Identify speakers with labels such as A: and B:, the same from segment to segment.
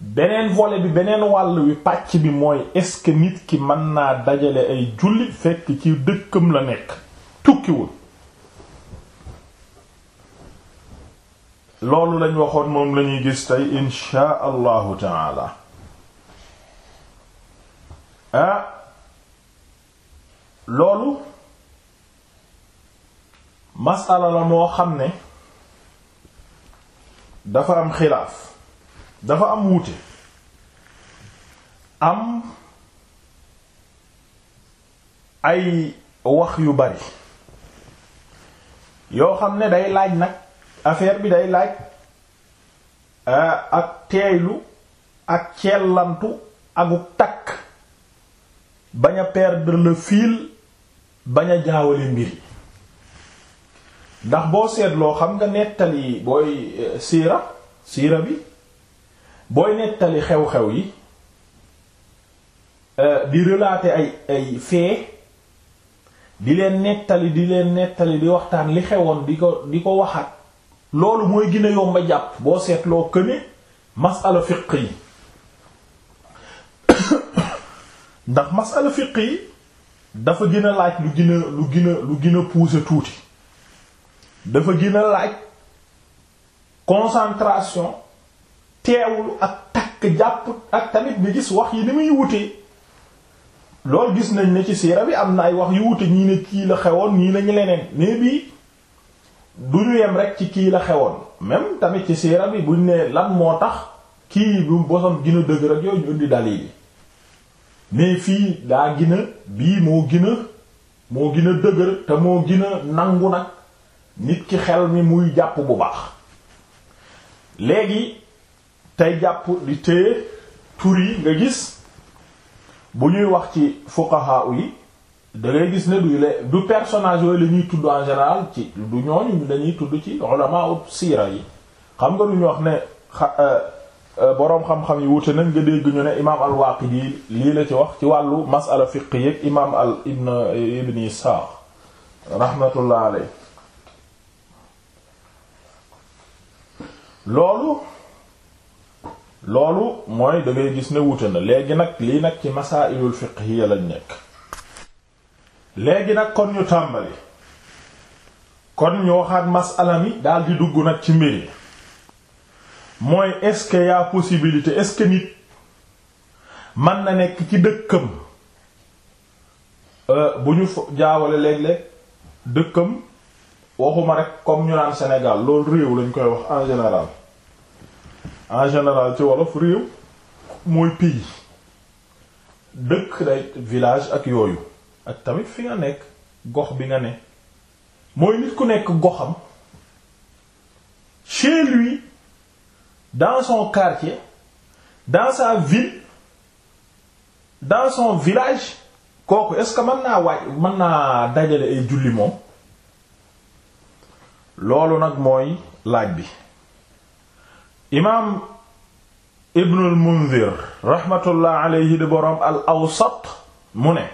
A: beneen volet bi beneen wàll wi pàcc bi mooy est nit ki mën naa dajale ay jullit fekk ci dëkkam la nekk tukkiwul loolu lañ waxoon moom lañuy gis tey inshaa allahu taala ah loolu masala la moo xam ne dafa am xilaaf dafa am wuute am ay wax yu bari yoo xam ne day laaj nag affaire bi day laaj eh, ak teeylu ak cellantu akuk takk bañ a perdre le fil bañ a jaawale mbir yi ndax boo seetloo xam nga nettali booy eh, siira siira bi booy nettali xew-xew yi euh, di relater ay ay fee di leen nettali di leen nettali di waxtaan li xewoon di ko di ko waxaat loolu mooy gën a yomba jàpp boo seetloo këne masala fiq yi ndax masala fiq yi dafa gën a laaj lu gën a lu gën a lu gën a tuuti dafa gën laaj concentration teewlu ak takk jàpp ak tamit bi gis wax yi ni muy wutee lool gis nañ ne ci siira bi am na ay wax yu wute ñii ne kii la xewoon ñii nañu leneen mais bii du ñu yem rek ci kii la xewoon même tamit ci siira bi buñ ne lan moo tax kii bu bosam gën a dëgër ak yooyu ñu indi dalil yi mais fii daa gën bii moo gën moo gën a dëgër te moo gën a nangu nag nit ki xel mi muy jàpp bu baax léegi tey jàpp di téye tur yi nga gis bu ñuy wax ci fuqaha yi da gis ne du le du personnage yooyu la ñuy tudd en général ci du ñooñu dañuy tudd ci ulama ut siira yi xam nga lu ñu wax ne euh, euh, boroom xam-xam yi wute nañ nga dégg ñu ne imaam al-Waaqidi lii la ci wax ci wàllu masala fiq yeeg imaam al ibn ibn Isaaq rahmatullah loolu loolu mooy da gis ne wuute na léegi nag lii nag ci masaa'ilul fiqhiyya lañ nekk léegi nag kon ñu tàmbali kon ñu waxaat masala mi daal di dugg nag ci mbir yi mooy est-ce que y'a possibilité est nit mën na nekk ci dëkkam euh, bu ñu jaawale léeg dëkkam waxuma rek comme ñu naan Sénégal loolu réew lañ koy wax en général en général ci wolof réew mooy pays dëkk day village ak yooyu ak tamit fi nga nekk gox bi nga ne mooy nit ku nekk goxam chez lui dans son quartier dans ville dans son village kooku est-ce que mën naa waaj mën naa dajale ay julli moom loolu nag mooy laaj bi imaam ibnul mundir raxmatullah alayhi di boroom al awsat mu ne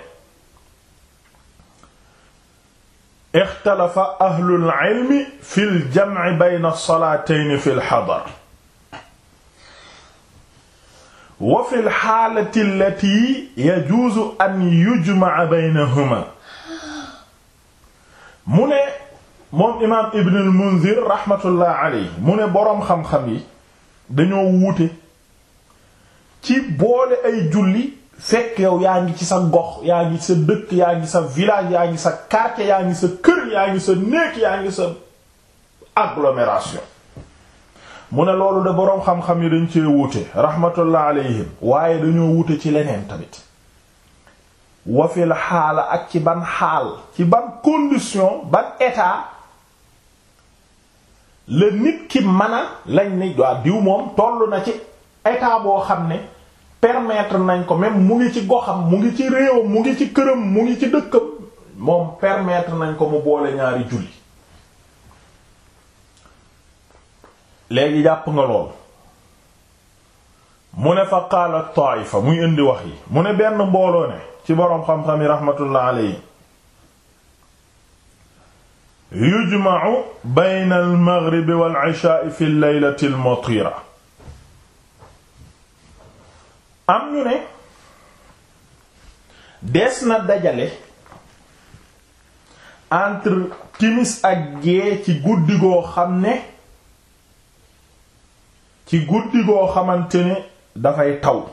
A: ixtalafa ahlul ilmi fil jamci bayna salaatayni fil xadar wa fil xaalati allati yajuuzu an yujmaca baynahuma mu ne moom imaam ibnul mundir raxmatullah alayhi mu ne boroom xam-xam yi dañoo wuute ci boole ay julli fekk yow yaa ngi ci sa gox yaa ngi sa dëkk yaa ngi sa village yaa ngi sa quartier yaa ngi sa kër yaa ngi sa néeg yaa ngi sa agglomération mu ne loolu de boroom xam-xam yi dañ cee wuute rahmatullah alayhim waaye dañoo wuute ci leneen tamit wafil xaala ak ci ban xaal ci ban condition ban état la nit ki mën lañ ni waa diw moom toll na ci état boo xam ne permettre nañ ko même mu ngi ci goxam mu ngi ci réewam mu ngi ci këram mu ngi ci dëkkam moom permettre nañ ko mu boole ñaari julli léegi jàpp nga lool mu ne fa qaala taifa muy indi wax yi mu ne benn mbooloo ne ci boroom xam-xam yi rahmatullah alayhi yujma'u bayna al-maghrib wal-'ishaa'i fi al-laylati al-matiira am ñu ne des na dajale entre timis ak gée ci guddi goo xam ne ci guddi goo xamante ne dafay taw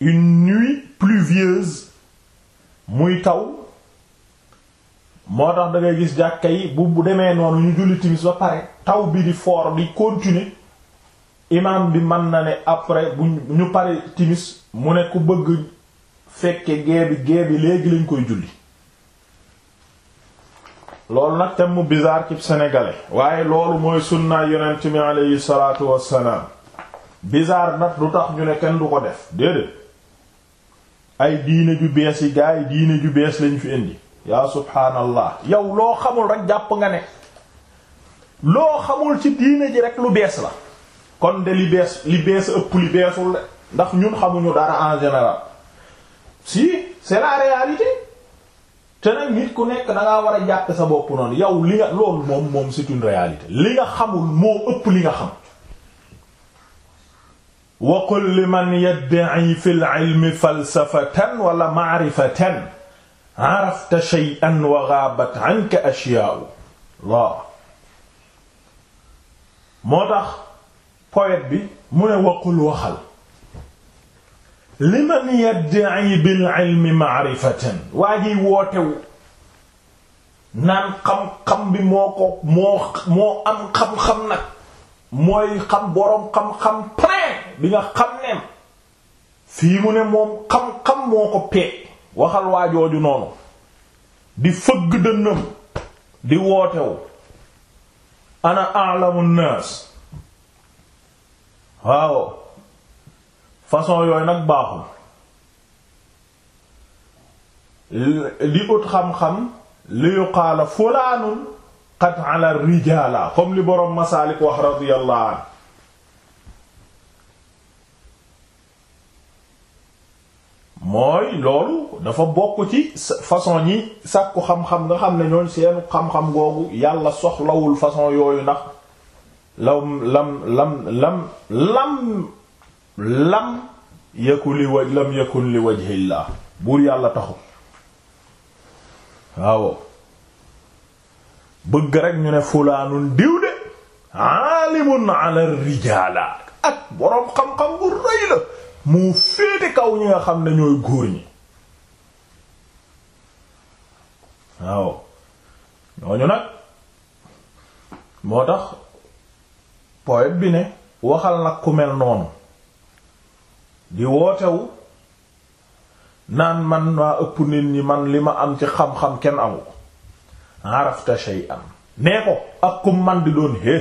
A: une nuit pluvieuse muy taw moo tax da gis jàkka yi bu demee noonu ñu julli timis ba pare taw bi di foor di continuer imam bi mën na ne après bu ñu pare timis mu ne ku bëgg fekke gee bi gee léegi lañ koy julli loolu nag tam mu bizarre ci sénégalais waaye loolu mooy sunnaa yonent mi aleyhi salaatu wassalaam nag du tax ñu ne kenn du ko def déedéet ay diine ju bees yi gaa yi diine ju bees lañ fi indi yaa subhaanallah yow loo xamul rek jàpp nga ne loo xamul ci diine ji rek lu bees la kon de li bees li bees ëpp li beesul de ndax ñun xamuñu dara en général si c'est la réalité te nag nit ku nekk da war a jàpp sa bopp noonu yow li nga loolu moom moom c'est une réalité li nga xamul moo ëpp li nga xam wa qul liman yadda'i fil ilmi falsafatan wala ma'rifatan arafta shay'an wa ghabat anka ashyaa'u waaw moo tax poète bi mu ne waqul waxal liman yadda'i bil ilmi ma'rifatan waa jiy wootewu naan xam-xam bi moo ko moo moo am xam-xam nag mooy xam boroom xam-xam plein bi nga xam ne fii mu ne moom xam-xam moo ko peeg waxal waa jooju noonu di fëgg dënnam di wootewu ana a'lamu nnaas waaw façon yooyu nag baaxul li ut xam-xam li yuqaala fulaanun qad ala rijaala comme li boroom masaalik wax radiyallahu anhu mooy loolu dafa bokk ci façon ñi sàkku xam-xam nga xam ne ñooñ seen xam-xam googu yàlla soxlawul façon yooyu ndax lam lam lam lam lam lam yakun li waj lam yakun li wajhillah buur yàlla taxu waaw bëgg rek ñu ne fulaanun diw de aalimun ala rijaala ak boroom xam-xam bu rëy la mu féete kaw ñi nga xam ne ñooy góor ñi waaw ñooñu nag moo tax poète bi ne waxal nag ku mel noonu di wootewu naan man maa ëpp nit ñi man li ma am ci xam-xam kenn amu ko arafta shay'an nee ko ak ku man di doon hé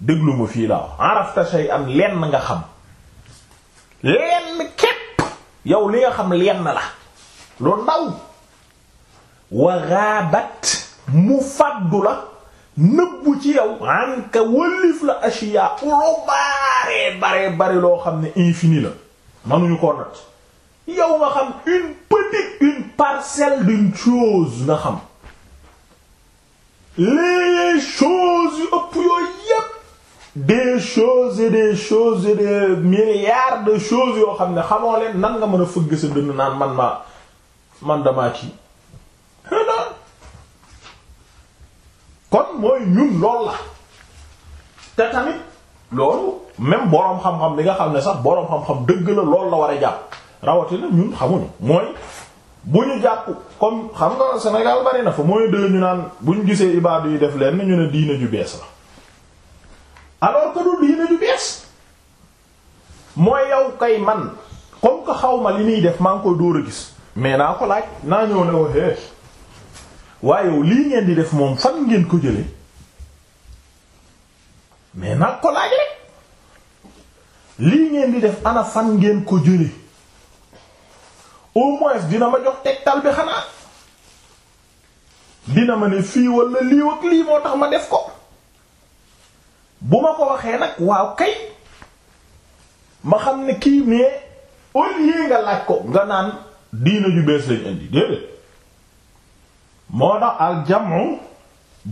A: déglu fii laa arafta shay'an lenn nga xam lenn képp yow li nga xam lenn la loolu ndaw wa ghaabat mu fàddu la nëbbu ci yow anka wëlif la ashiya loo baaree baree bari loo xam ne infini la manuñu ko nat yow nga xam une petite une parcelle d'une chose nga xam les choses yu ëpp yooyu yépp des choses et des choses et de choses yoo xam ne xamoo leen nan nga mën a fëgg sa dënn naan man ma man dama kii kon mooy ñun lool la te tamit loolu même boroom xam-xam li nga xam ne sax boroom xam-xam dëgg la loolu la war a jàpp rawatina ñun xamuñu mooy bu ñu jàpp comme xam nga Sénégal bari na fa mooy dee ñu naan bu ñu gisee ibaadu yi def leen ñu ne diine ju bees la alors que du diine lu bees mooy yow kay man comme que xaw ma li muy def maa ngi koy dóor a gis mais naa ko laaj naa ñëw ne ko hee waaye lii ngeen di def moom fan ngeen ko jële mais naa ko ngeen di def ana fan ngeen ko jële au moins dina ma jox tal bi xanaa dina ma ne fii wala lii ak lii moo tax ma def ko. bu ma ko waxee nag waaw kay ma xam ne kii mais au lieu nga laaj ko nga naan diina ju bees lañ déedéet moo tax aljamu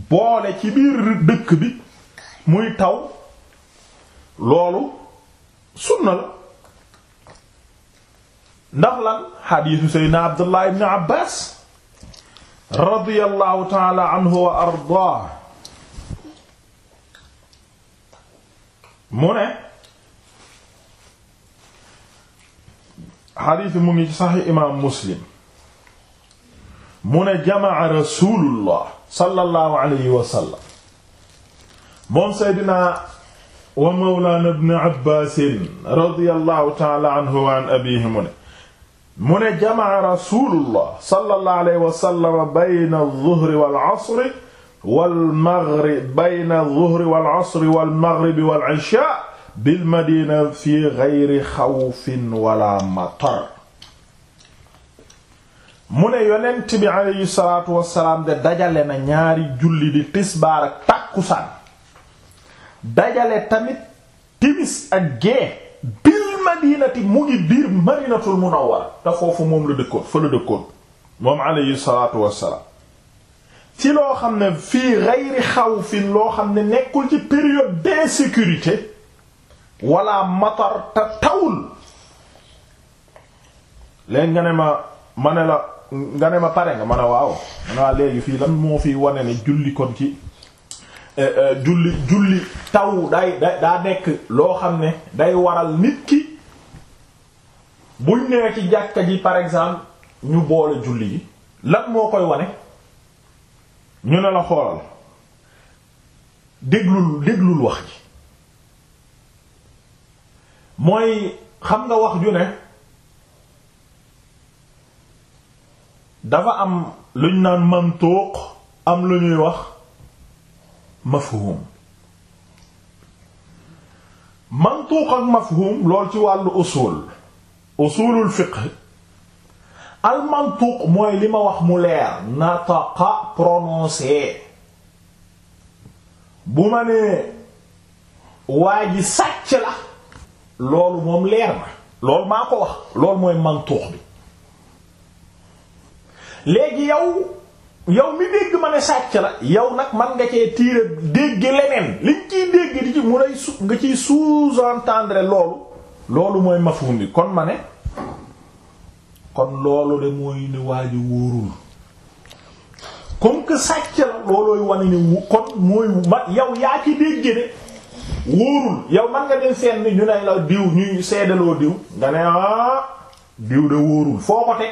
A: boole ci biir dëkk bi muy taw loolu sunna la ndax lan xadiisu seydna abdullah ibni abbas radiyallahu taala anhu wa ardaa mu ne xadiis mu ngi ci saxi imaam muslim mu ne jamaa rasulullah sallallahu alayhi wa sallam moom seydina wa mawlaana ibn abbaasin radiyallahu taala anhu wa an abiihi mu ne mu ne jamaa rasulullah sallallahu alayhi wa sallam bayna adh-dhuhri wal 'asri wal maghrib bayna zuhri wal asri wal maghribi wal ishaa bil madina fi ghayri xawfin wala matar mu ne yonent dajale na ñaari julli di tisbaar ak tàkkusaan dajale tamit timis ak gee bil madinati mu ngi biir madinatul munawwara te foofu moom la dëkkoon fa la dëkkoon moom aleyhi salaatu wassalaam ci loo xam ne fii xaw fii loo xam ne nekkul ci période de sécurité wala matar te tawul léegi nga ne ma ma ne la nga ne ma pare nga ma ne waaw ma ne waa léegi fii lan moo fi wane ne julli kon ci eh, eh, julli julli taw day daa nekk loo xam ne day waral nit ki buñ nee ci jàkka ji par exemple ñu boole julli yi lan moo koy wane ñu ne la xoolal déglul déglul wax ji mooy xam nga wax ju ne dafa am lu ñu naan mantuuq am lu ñuy wax mafhum mantuuq ak mafhum lool ci wàllu usul usulul fiq almantuq mooy li ma wax mu leer nataqa prononcé bu ma nee waa ji sàcc la loolu moom leer na loolu maa ko wax loolu mooy mantuux bi léegi yow yow mi dégg ma ne sàcc la yow nag man nga cee tiire dégg leneen liñ ciy dégg di ci mu lay su nga ciy sous-entendre loolu loolu mooy mafhum bi kon ma ne kon loolu de mooy ne waa wóorul comme que sàcc la loolooy wane ne kon mooy ma yow yaa ci dégg ne wóorul yow man nga dem seen ni ñu ne la diw ñuy seedaloo diw nga ne ah diw de wóorul foo ko teg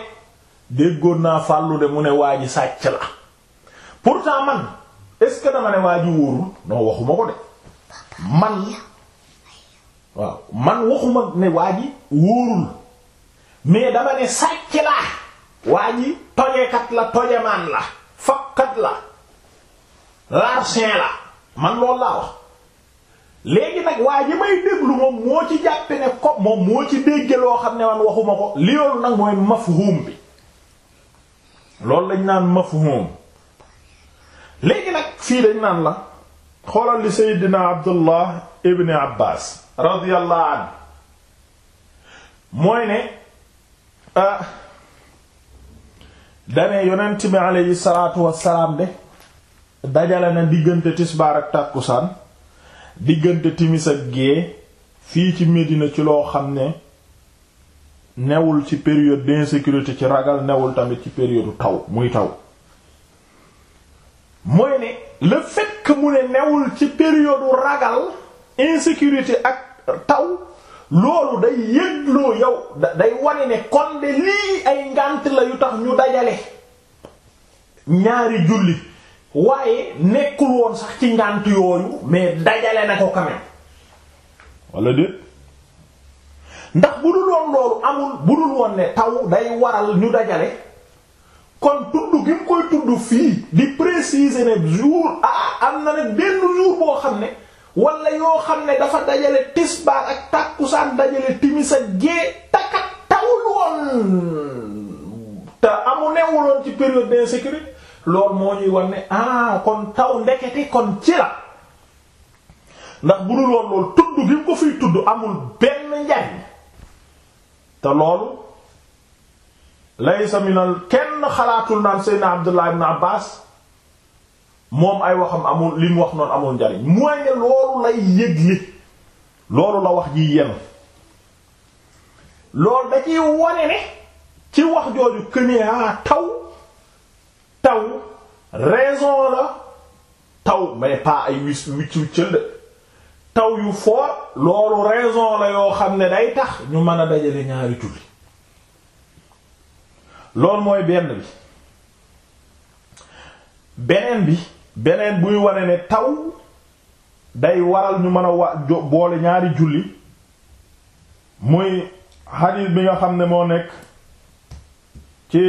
A: déggoon naa fàllu de mu ne waa ji sàcc la pourtant man est-ce que dama ne waa ji wóorul non waxuma ko de man waxuma ne waa wóorul. mais dama ne sàcc la waa ji tojekat la tojemaan la fakkat la larcin la man loolu laa wax léegi nag waa ji may déglu moom moo ci jàppe ne ko moom moo ci dégge loo xam ne man waxuma ko li yoolu nag mooy mafhum bi loolu lañ naan mafhum léegi nag fii dañ naan la xoolal li Seydina Abdullah ibn Abbas radiyallahu anhu mooy ne Ah. dane yonent bi aleyhi salaatu wassalaam de dajale na diggante tisbaar ak tàkkusaan diggante timis ak gée fii ci Médina ci loo xam ne newul ci période d'insécurité ci ragal newul tamit ci période taw muy taw mooy ne le fait mu ne newul ci période ragal insécurité ak taw loolu day yëgloo yow day wane ne kon de lii ay ngànt la yu tax ñu dajale ñaari julli waaye nekkul woon sax ci ngànt yooyu mais dajale na ko quand même wala ndax bu dul woon loolu amul bu dul woon ne taw day waral ñu dajale kon tudd gi mu koy tudd fii di préciser ne jour ah am na nag benn jour boo xam ne wala yoo xam ne dafa dajale tisbaar ak tàkkusaan dajale timis ak gée takat tawul woon te amu newuloon ci période d'insécurité loolu moo ñuy wan ne ah kon taw ndekete kon ci la ndax bu dul woon loolu tudd gi mu ko fiy tudd amul benn njariñ te loolu laysa minal kenn xalaatul naan Seydina Abdullah ibn Abbas moom ay waxam amul li wax noonu amul njariñ mooy ne loolu lay yëgle loolu la wax ji yenu lool da ciy wone ne ci wax jooju këneaa ah, taw taw raison la taw mais pas ay wis wicc wiccal de taw yu foor loolu raison la yoo xam ne day tax ñu mën a dajale ñaari tulli loolu mooy benn bi beneen bi beneen buy wane ne taw day waral ñu mën a wa boole ñaari julli muy xadiis bi nga xam ne moo nekk ci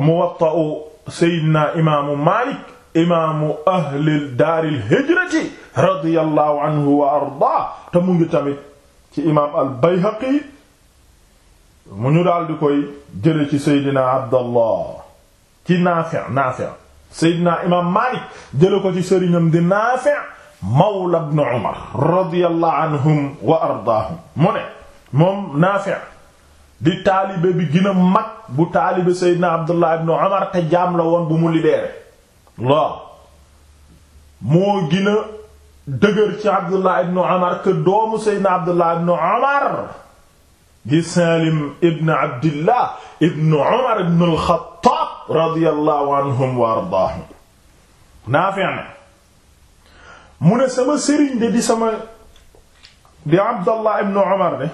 A: muwatta u seydina imaamu Maalik imaamu ahlil daaril hijrati radiyallahu ardaa te tamit ci imaam al Bayhaqi mu ñu daal koy jële ci seydina Abdallah ci Naafi' Naafi' Seydina imaam Maalik jële ko ci sëriñam di Naafi' mawla ibn Umar radiyallahu anhum wa ardaahum mu ne moom Naafi' di taalibe bi gën a mag bu taalibe Seydina Abdullah ibn Umar te jaam la woon bu mu libéré waaw moo gën a dëgër ci Abdullah ibn Umar que doomu Seydina Abdullah ibn Umar di Saalim ibn Abdillah ibn Umar ibn al-Khattab radiyallahu anhum wa ardaahum Naafi' ne mu ne sama sëriñ de di sama di Abdallah ibn Umar de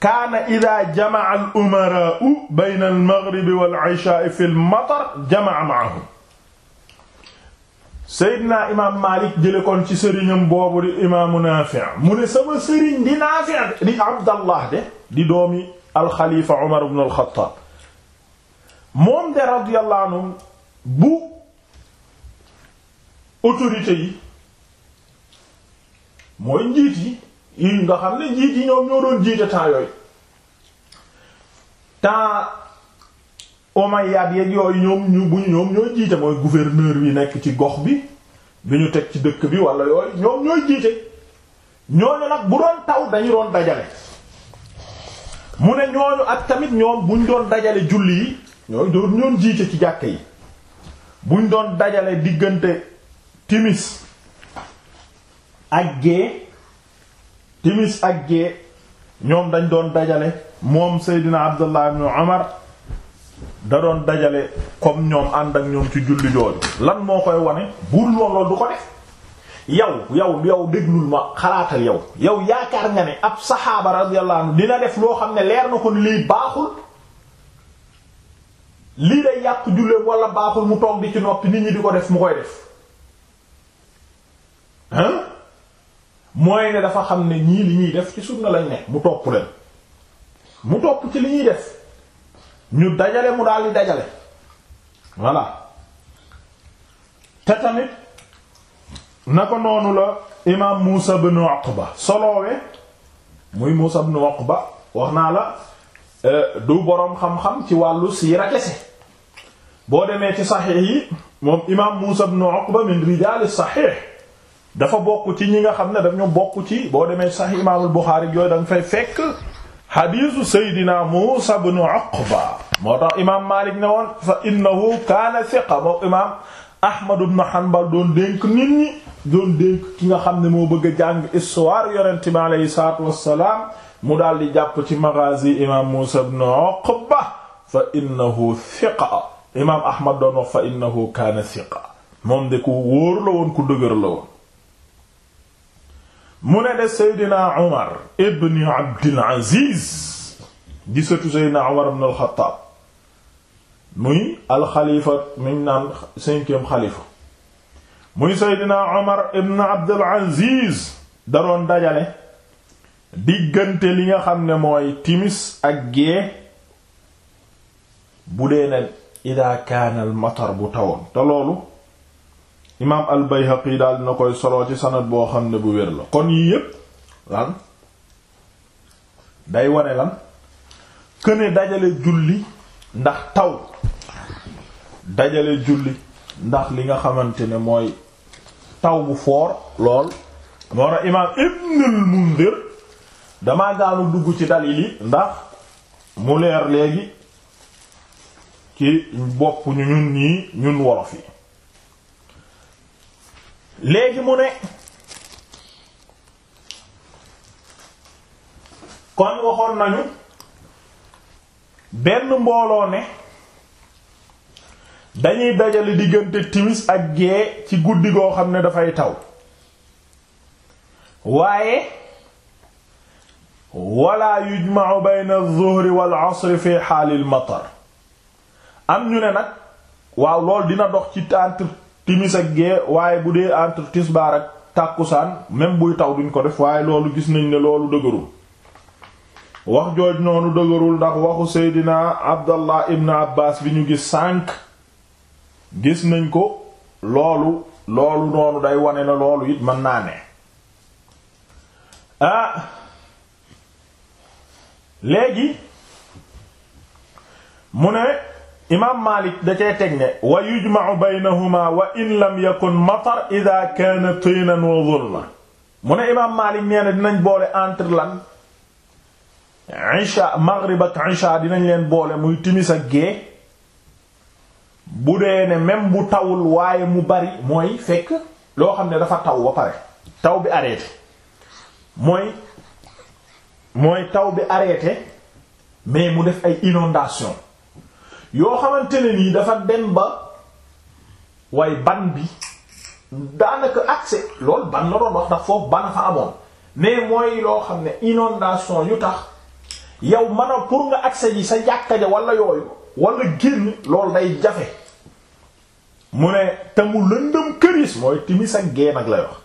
A: kaana idaa jama'a al-umaraa'u bayna al-maghrib wal-'ishaa'i fi al-matar jama'a ma'ahum Seydina imaam Maalik jële kon ci sëriñam boobu di imaamu Naafi' mu ne sama sëriñ di Naafi' di Abdallah de di doomi al-Xalifa Umar ibn al-Xattaab moom de radiyallahu anhu bu autorité yi mooy njiit yi yi nga xam ne njiit yi ñoom ñoo doon jiite temps yooyu temps Omayyad yeeg yooyu ñoom ñu bu ñoom ñooy jiite mooy gouverneur bi nekk ci gox bi bi ñu teg ci dëkk bi wala yooyu ñoom ñooy jiite ñooñu nag bu doon taw dañu doon dajale mu ne ñooñu ak tamit ñoom buñ doon dajale julli yi ñooy doon ñoon jiite ci jàkk yi buñ doon dajale diggante timis ak gée timis ak gée ñoom dañ doon dajale moom Seydina Abdullah ibn Umar da doon dajale kom ñoom ànd ak ñoom ci julli jooju lan moo koy wane buur loolu du ko def yow yow yow déglul ma xalaatal yow yow yaakaar nga ne ab saxaaba radiyallahu anhu dina def loo xam ne leer na ko ni lii baaxul lii day yàq julleem walla baaxul mu toog di ci noppi nit ñi di ko def mu koy def hein mooy ne dafa xam ne ñii li ñuy def ci sunna lañ ne mu topp leen mu topp ci li ñuy def ñu dajale mu daal di dajale voilà te tamit na ko noonu la imaam Muusa ibn ba soloowe muy Muusa ibn Uqba wax naa la euh, du boroom xam-xam ci wàllu siira kese boo demee ci saxiix yi moom imaam Muusa ibn Uqba min rijaal saxiix dafa bokk ci ñi nga xam ne daf ñu bokk ci boo demee ci saxiix imaamul Buxaari yooyu da fay fekk xadiisu Seydina Muusa ibn Uqba moo tax imaam Maalik ne woon fa innahu kaana siqa moo imaam Ahmad ibn Hanbal doon dénk nit ñi doon dénk ki nga xam ne moo bëgg a jàng histoire yonent bi aleyhi salaatu wassalaam mu daal di jàpp ci magaazi imaam Muusa ibn Uqba fa innahu siqa imaam ahmad doon wax fa innahu kaana siqa moom de ku wóor la woon ku dëgër la woon mu ne de seydina umar ibni abdil di sëtu seydina umar ibn alxataab da doon dajale diggante li nga xam ne mooy timis ak gee bu dee ne ida kaana al matar bu tawoon te loolu imaam al bayhaqi daal dina koy soloo ci sanad boo xam ne bu wér la kon yii yépp lan day wane lan këne dajale julli ndax taw dajale julli ndax li nga xamante ne mooy taw bu foor lool moo na imaam ibnul mundir damaa gaanu dugg ci dalil yi ndax mu leer léegi ci bopp ñu ñun wolof yi léegi mu ne kon waxoon nañu benn mbooloo ne dañuy dajale diggante timis ak gee ci guddi goo xam ne dafay taw waaye wala yujma'u bayna adh-dhuhri wal 'asri fi haalil matar am ñu ne nag waaw loolu dina dox ci entre timis ak gee waaye bu dee entre tisbaar ak tàkkusaan même buy taw duñ ko def waaye loolu gis nañ ne loolu dëgërul wax jooj noonu dëgërul ndax waxu seydina abdallah ibn abbas bi ñu gis sànq gis nañ ko loolu loolu noonu day wane na loolu it mën naa ne ah léegi mu ne imaam Maalik da cee teg ne wa yujma'u baynahuma wa in lam yakun matar idha kana tiinan wa dhulma mu ne imaam Maalik nee na dinañ boole entre lan isha maghrib ak dinañ leen boole muy timis ak gée bu dee ne même bu tawul waaye mu bari mooy fekk loo xam ne dafa taw ba pare taw bi arrêté mooy mooy taw bi arrêté mais mu def ay inondation yoo xamante ne nii dafa dem ba waaye ban bi daanaka accès loolu ban la doon wax ndax ban fa amoon mais mooy loo xam ne inondation yu tax yow mën a pour nga accès yi sa jàkka ja wala yooyu walla génn lool day jafe mu ne te mu lëndëm këris mooy timis ak génn ak lay wax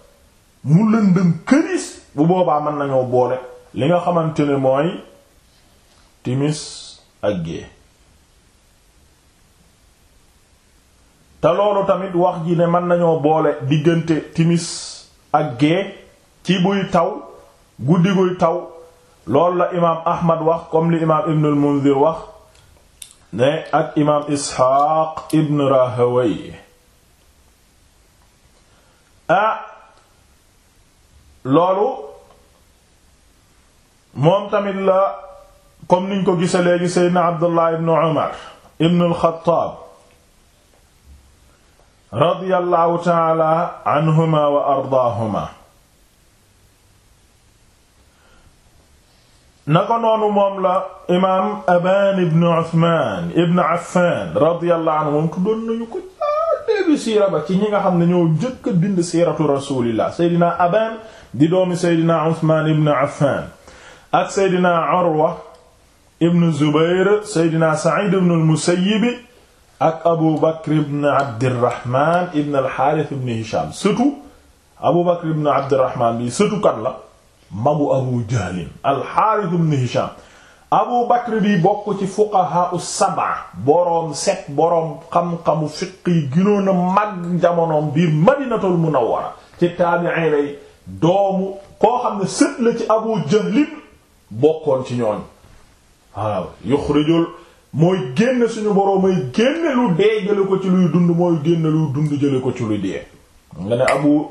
A: mu lëndëm këris bu boobaa mën nañoo boole li nga xamante ne mooy timis ak gée te loolu tamit wax ji ne mën nañoo boole diggante timis ak gée ci buy taw guddi taw loolu la imaam ahmad wax comme li imaam ibn al wax ne ak imaam isxaaq ibn rahaway ah loolu moom tamit la comme niñ ko gisa léegi seydna abdullah ibn umar ibn al radiyallahu taala anhuma wa ardaahuma naka noonu moom la imaam Abaan ibn Usmaan ibn Affaan radiyallahu anhu moom tuddoon nañu ko dégg siira ba ci ñi nga xam ne ñoo njëkk a bind siiratu rasuulillah Seydina Abaan di doomi Seydina Usmaan ibn Affaan ak Seydina Urwa ibn Zubayr Seydina Sa'iid ibn al-Musayyib ak Abu Bakr ibn Abdirahman ibn al-Harith ibn Hisham surtout Abu Bakr ibn Abdirahman bi surtout kan la magu Abu Jahl al-Harith ibn Hisham Abu Bakr bi bokk ci fuqaha as-sab'a boroom set boroom xam-xamu fiq yi ginoon a mag jamonoom biir Madinatul Munawwara ci taabi'in lay doomu koo xam ne sët la ci Abu Jahl bokkoon ci ñooñ waaw yuxrijul mooy génn suñu boroom mooy lu dee jële ko ci luy dund mooy génn lu dund jële ko ci luy dee nga ne abu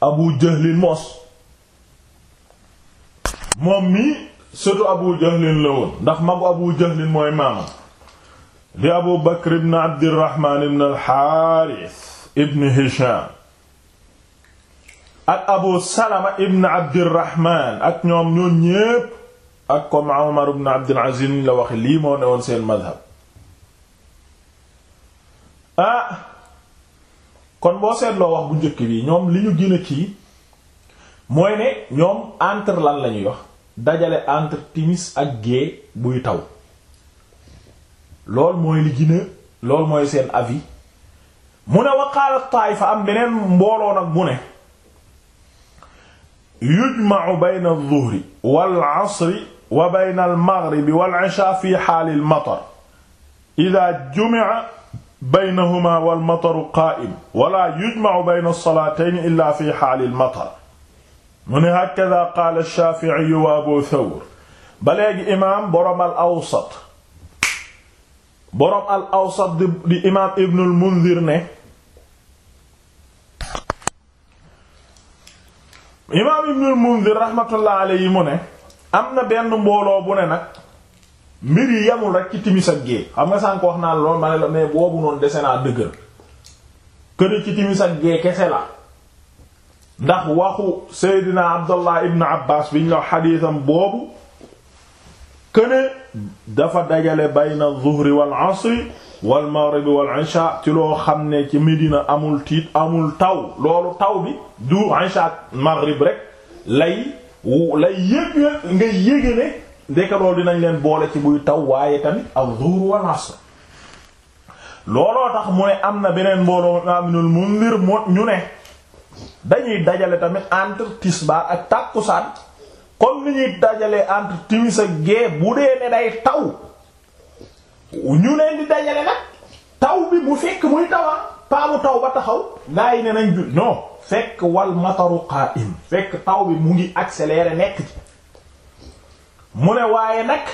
A: abu jahlin moos moom mi sëtu abu jahlin la woon ndax magu abu jahlin mooy maamam di abu bakr ibn abdirahmaan ibn alxaaris ibn hisham ak abu salama ibn abdirahmaan ak ñoom ñoom ñépp ak comme Umar ibn Abdul Aziz la wax lii moo ne woon seen madhab ah kon boo seetloo wax bu njëkk bi ñoom li ñu gën kii mooy ne ñoom entre lan la ñuy wax dajale entre timis ak gée buy taw lool mooy li gën lool mooy seen avis mu ne waqaala fa am beneen mbooloo nag mu ne yujma'u bayna adh-dhuhri wal 'asri wa bayna almaghribi wal isha fi xaali almatar ida jumica baynahuma walmataru qaa'im wala yujmacu bayna salaatayni illa fi xaali almatar mu ne hakada qaala shaafiiyu wa abu thawr ba léegi imaam boroom al awsat boroom al awsat di imaam ibnu almundir ne imaam ibnu almundir raxmatullahi alayhi mu ne am na benn mbooloo bu ne nag mbir yi yamul rek ci timis ak gée xam nga sànk wax naa lool ma ne la mais boobu noonu dese naa dëgër kër ci timis ak gée kese la ndax waxu Seydina Abdallah ibn Abbas biñ la xadiisam boobu këne dafa dajale bayna zuhri wal asri wal maghribi wal isha ci loo xam ne ci Medina amul tiit amul taw loolu taw bi du isha maghrib rek lay lay yëg nga yëge ne ndeka loolu dinañ leen boole ci buy taw waaye tamit az-zuhr wal asr looloo tax mu ne am na beneen mbooloo Imaamul Mundir moo ñu ne dañuy dajale tamit entre tisbaar ak tàkkusaan comme ni ñuy dajale entre timis ak gée bu dee ne day taw ñu ne di dajale nag taw bi bu fekk muy tawa ah, paamu taw ba taxaw gaa yi ne nañ ju non fekk wal mataru qaa'im fekk taw bi mu ngi accéléré nekk ci mu ne waaye nag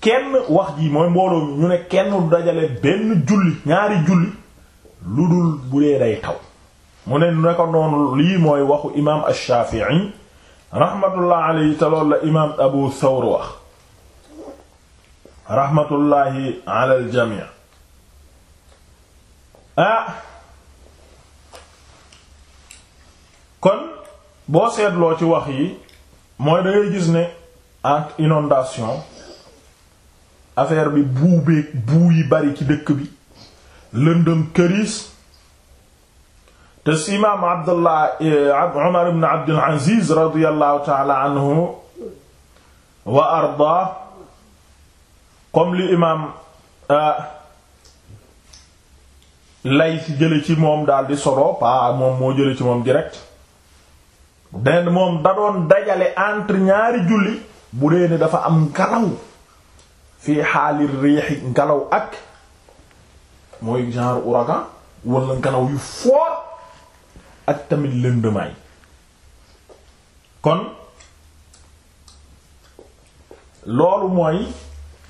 A: kenn wax ji mooy mbooloo ñu ne kenn dajale benn julli ñaari julli lu dul bu dee day taw mu ne ne noonu lii mooy waxu imaam ash-Shafi'i rahmatullah alayhi te loolu la imaam Abu Thawr wax rahmatullahi ala al-jami' ah kon boo seetloo ci wax yi mooy da gis ni ak inondation affaire bi buubeeg buu yi bari ci dëkk bi lëndëm këriis te si imaam abdullah eh, umar ibn abdul aziz radiallahu taala anhu wa arda comme li imaam eh, lay ci jële ci moom daal di solo pa moom moo jële ci moom direct benn moom da dajale entre ñaari julli bu dee ne dafa am ngalaw fii xaalir riixi ngalaw ak mooy genre ouragan wala ngalaw yu foor ak tamit lëndëmaay kon loolu mooy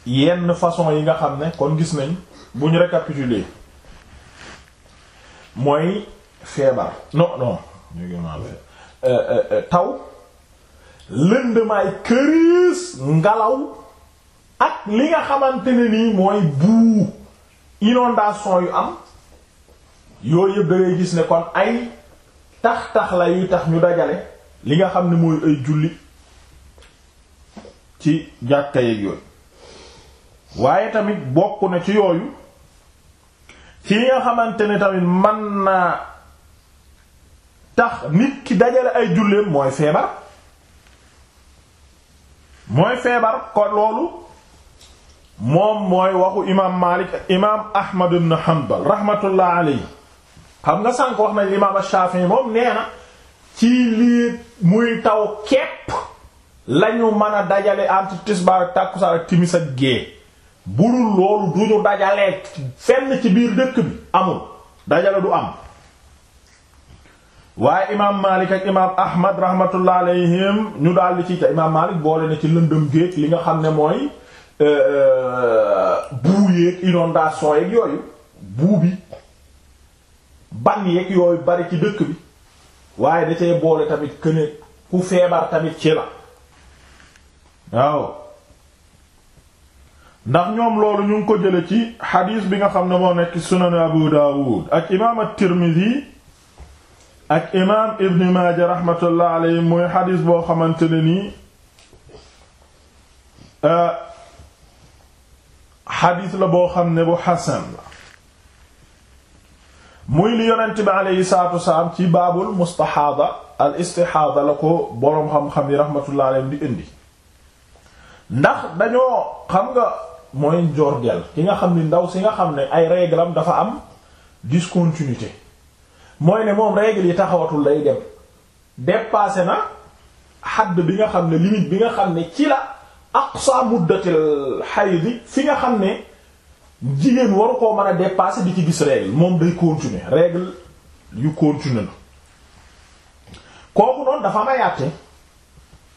A: yenn façon yi nga xam ne kon gis nañ bu ñu récapituler mooy feebar non non Euh, euh, euh, taw lëndmaay këriis ngelaw ak li nga xamante ni nii mooy buu inondation yu am yooyu yëpp dangay gis ne kon ay tax-tax la yuy tax ñu dajale li nga xam ne mooy ay julli ci jàkka yeeg yooyu waaye tamit bokk na ci yooyu ci nga xamante ne tamit man naa tax nit ki dajale ay julleem mooy feebar mooy feebar ko loolu moom mooy waxu imaam Maalik imaam Ahmad ibn Hanbal rahmatullah alayhi xam nga sànk wax nañ imaam Shaafi'i moom nee ci lii muy taw képp lañu mën a dajale entre tisbaar ak tàkkusaan ak timis ak gée burul loolu duñu dajale fenn ci biir dëkk bi amul dajale du am waaye imaam Maalik ak imaam Ahmad rahmatullah alayhim ñu daal di ci ca imaam Maalik boole na ci lëndëm géej li nga xam ne mooy euh, euh, buu yeeg inondation yeeg yooyu buu bi ban yeeg yooyu bari ci dëkk bi waaye da cee boole tamit këne ku feebar tamit ci la waaw ndax ñoom loolu ñu ngi ko jële ci xadiis bi nga xam ne moo nekk sunan Abu Dawud ak imaam at-Tirmidhi ak imaam Ibn Maaja rahmatullah alayhi muy xadis boo xamante ne nii euh, xadis la boo xam ne bu xasan la muy li yonent bi aleyhi salaatu ci baabul mustaxaada al istixaada la ko boroom xam-xam yi rahmatullah alayhi di indi ndax dañoo xam nga mooy njorgel ki nga xam ni ndaw si nga xam ne ay réglam dafa am discontinuité mooy ne moom règle yi taxawatul lay dem dépassé na xadd bi nga xam ne limite bi nga xam ne ci la aqsa muddatil hayd fi nga xam ne jigéen waru koo mën a dépasser di ci gis règle moom day continuer règle yu continuer la kooku noonu dafa may àtte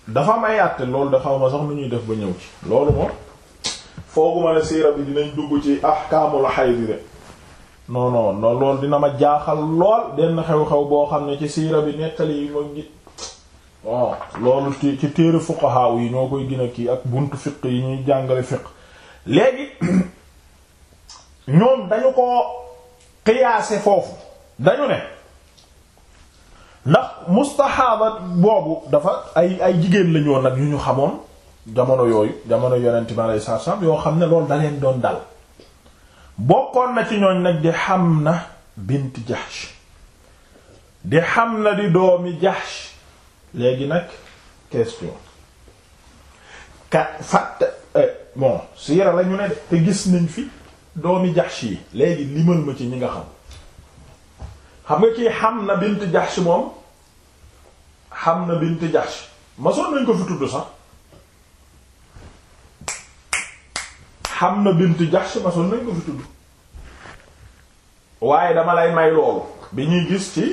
A: dafa may àtte loolu dafa ma sax nu ñuy def ba ñëw ci loolu moom fooguma ne siira bi dinañ dugg ci ahkaamul hayd de non non loolu dina ma jaaxal lool denn xew-xew boo xam ne ci siira bi nettali yi ma ngi waaw oh, loolu ci téere fuqaha yi ñoo koy gën kii ak buntu fiq yi ñuy jàngale fiq léegi ñoom dañu ko qiyaase foofu dañu ne ndax mustahaaba boobu dafa ay ay jigéen lañu woon nag yu ñu xamoon jamono yooyu jamono yonent bi alayhi salaam yoo xam ne loolu da leen doon dal bokkoon na ci ñooñ nag di xam na bint Jahsh di xam na di doomi Jahsh léegi nag question ka fàtt eh, bon siira la ñu ne te gis nañ fi doomi Jahsh yi léegi limal ma ci ñi nga xam xam nga kii na bint Jahsh moom xam na bint Jahsh masoon nañ ko fi tudd sax Hamna bint Jahsh masoon nañ ko fi tudd waaye dama lay may loolu bi ñuy gis ci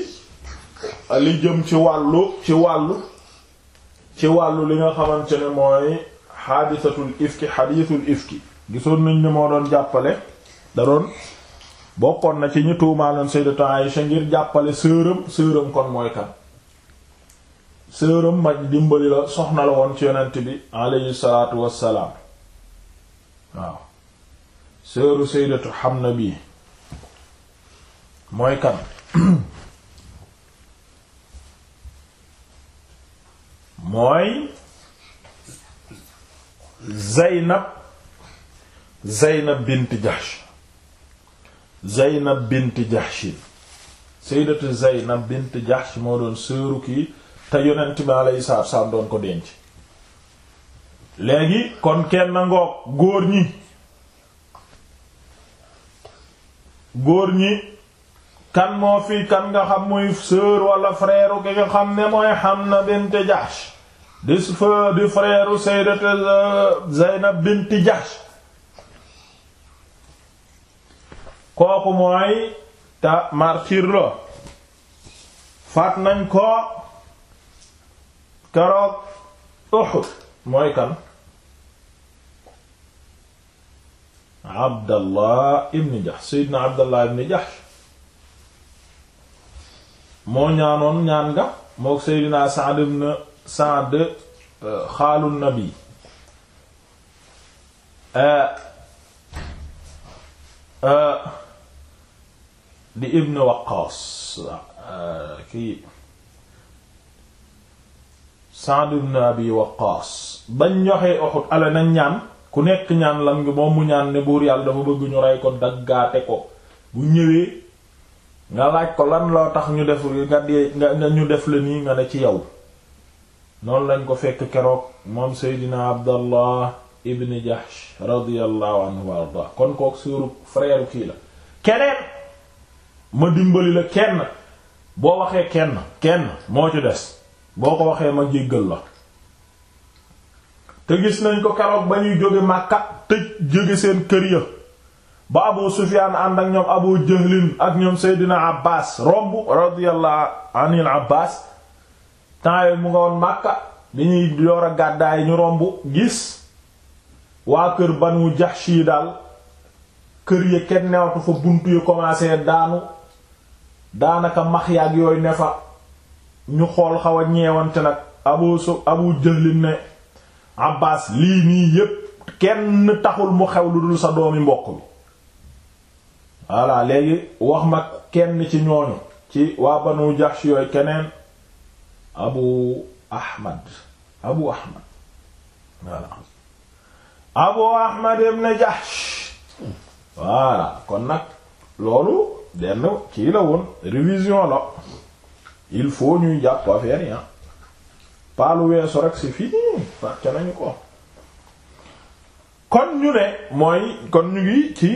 A: li jëm ci wàllu ci wàllu ci wàllu li nga xamante ne mooy xaadisatul ifki xadiisul ifki gisoon nañ ni moo doon jàppale da doon bokkoon na ci ñu tuumaaloon sayyidatu Aïsha ngir jàppale sëram sëram kon mooy kan sëram maj dimbali la soxna la woon ci yonent bi alayhi salaatu wassalaam waaw seeru sayyidatu Hamna bi mooy kan mooy Zaynab Zaynab bint Jahsh Zaynab bint Jahshin sayyidatu Zaynab bint Jahsh moo doon seeru kii te yonent bi alayhi salaam doon ko denc léegi kon kenn ngoog góor ñi góor ñi kan moo fi kan nga xam muy sœur wala frère ki nga xam ne mooy Hamna bint Jahsh di di frère sayyidat euh, Zaynab bint Jahsh kooku mooy ta martyr la faat nañ ko keroog Uhud mooy kan abdallah ibn jahsh seydna abdallah ibn jahsh moo ñaanoon ñaan nga mook seydna saad ibn saad euh, xaalu nabi euh, euh, di ibn waqaas kii saad ibn abi waqaas bañ joxee Uhud ala nañ ñaan ku nekk ñaan lan ngi moom mu ñaan ne buur yàlla dafa bëgg ñu rey ko daggaate ko bu ñëwee nga laaj ko lan loo tax ñu def nga dee nga ñu def la nii nga ne ci yow noonu lañ ko fekk keroog moom seydina abdallah ibn jahsh radiyallahu anhu wa kon kook suuru frère kii la keneen ma dimbali la kenn boo waxee kenn kenn moo ci des boo ko waxee ma jéggal la te gis nañ ko keroog ba ñuy jóge Makka tëj jóge seen kër ya ba Abu Sufyaan ànd ak ñoom Abu Jahlin ak ñoom Seydina Abbas romb radiyallahu anil Abbas temps mu nga woon Makka dañuy door a gàddaay ñu romb gis waa kër Banu Jahshi daal kër yi kenn newatu fa bunt yu commencé daanu daanaka max yaag yooyu ne fa ñu xool xawa a ñeewante nag Abu su ne Abbas lii nii yépp kenn taxul mu xew lu dul sa doomi mbokk bi voilà léegi wax ma kenn ci ñooñu ci waa Banu Jahsh yooyu keneen Abu Ahmad Abu Ahmad Abu Ahmad ibn Jahsh voilà kon nag loolu denn kii la woon révision la il faut ñuy jàpp affaire yi ah. paalu weesu rek si fini fàtte nañu ko kon ñu ne mooy kon ñu ngi ci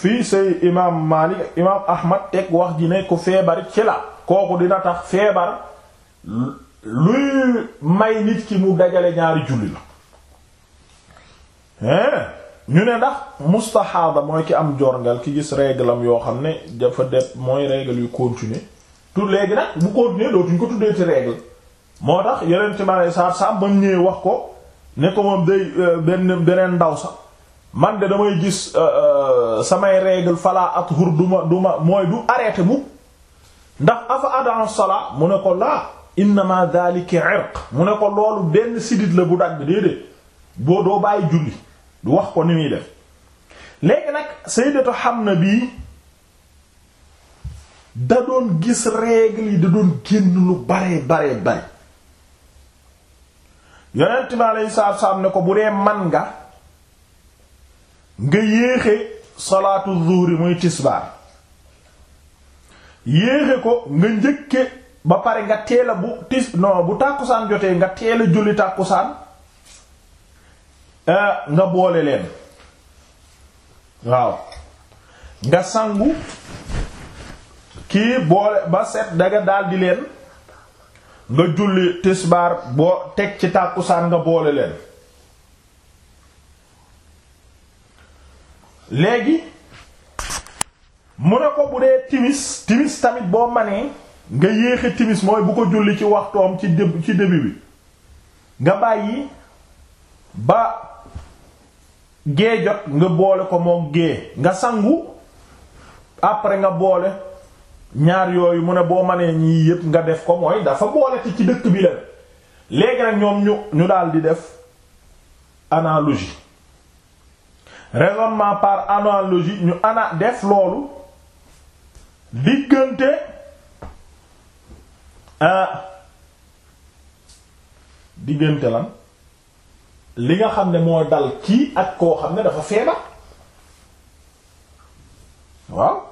A: fii say imaam Maalik imaam Ahmad teg wax ji ne ku feebar ci la kooku dina tax feebar luy may nit ki mu dajale ñaari julli la ñu ne ndax mustahaada mooy ki am jorngal ki gis réglam yoo xam ne dafa def mooy règle yu continuer tout léegi nag bu continuer dootuñ ko tuddee ci règle moo tax yeneen ci ma sa sa ba mu ñëwee wax ko ne ko moom day euh, benn beneen ndaw sax man de damay gis euh, euh, samay règle fala at xur du ma mooy du arrêté mu ndax afa adan salaa mu ne ko laa innama dhalika irq mu ne ko loolu benn sidit la bu dagg déedéet boo doo bàyyi julli du wax ko ni muy def léegi nag sayyidatu Hamna bii da doon gis règle yi da doon génn lu bare bare bare yonent bi aleyhi salaatu salaam ne ko bu dee man nga nga yéexe salaatu zuhri muy tisbaar yéexe ko nga njëkke ba pare nga teel bu tis non bu tàkkusaan jotee nga teel a julli tàkkusaan eh, nga boole leen waaw nga sangu kii boole ba set daga daldi leen nga julli tisbaar boo teg ci tàkkusaan nga boole leen léegi mu ne ko bu dee timis timis tamit boo manee nga yéexe timis mooy bu ko julli ci waxtoom ci dé- ci début bi nga bàyyi ba gée jot nga boole ko moom gée nga sangu après nga boole ñaar yooyu mu ne boo mënee ñii yépp nga def ko mooy dafa boole ci dëkk bi la léegi nag ñoom ñu ñu daal di def analogie raisonnement par analogie ñu ana def loolu diggante ah diggante lan li nga xam ne moo dal kii ak koo xam ne dafa feebar waaw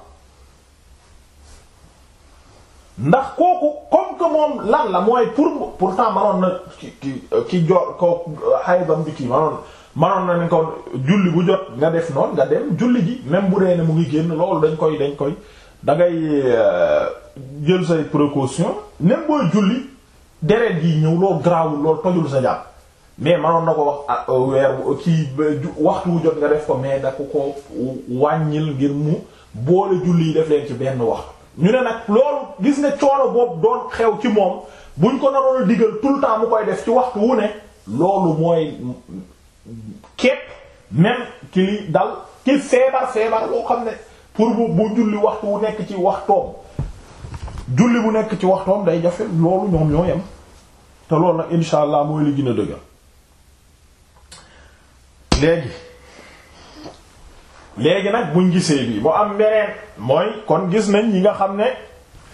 A: ndax kooku comme que moom lan la mooy pour pourtant manoon na ki ki ki joor ko xaybam bi kii manoon manoon na ne ko julli bu jot nga def noonu nga dem julli ji même bu dee ne mu ngi génn loolu dañ koy dañ koy da ngay euh, jël say précaution même booy julli deret yi ñëw loolu garaawul loolu tojul sa jàpp mais manoon na ko wax ah, euh, weer kii waxtu wu jot nga def ko mais da ko ko wàññil ngir mu boole julli yi def leen ci benn waxtu ñu ne nag loolu gis nga coono boobu doon xew ci moom buñ ko naroon a digal tout le temps mu koy def ci waxtu wu ne loolu mooy képp même ki li dal ki feebar feebar loo xam ne pour bu bu julli waxtu wu nekk ci waxtoom julli bu nekk ci waxtoom day jafe loolu ñoom ñoo yem te loolu nag insha allah mooy li gën a dëgër léegi léegi nag buñ gisee bi mu am beneen mooy kon gis nañ yi nga xam ne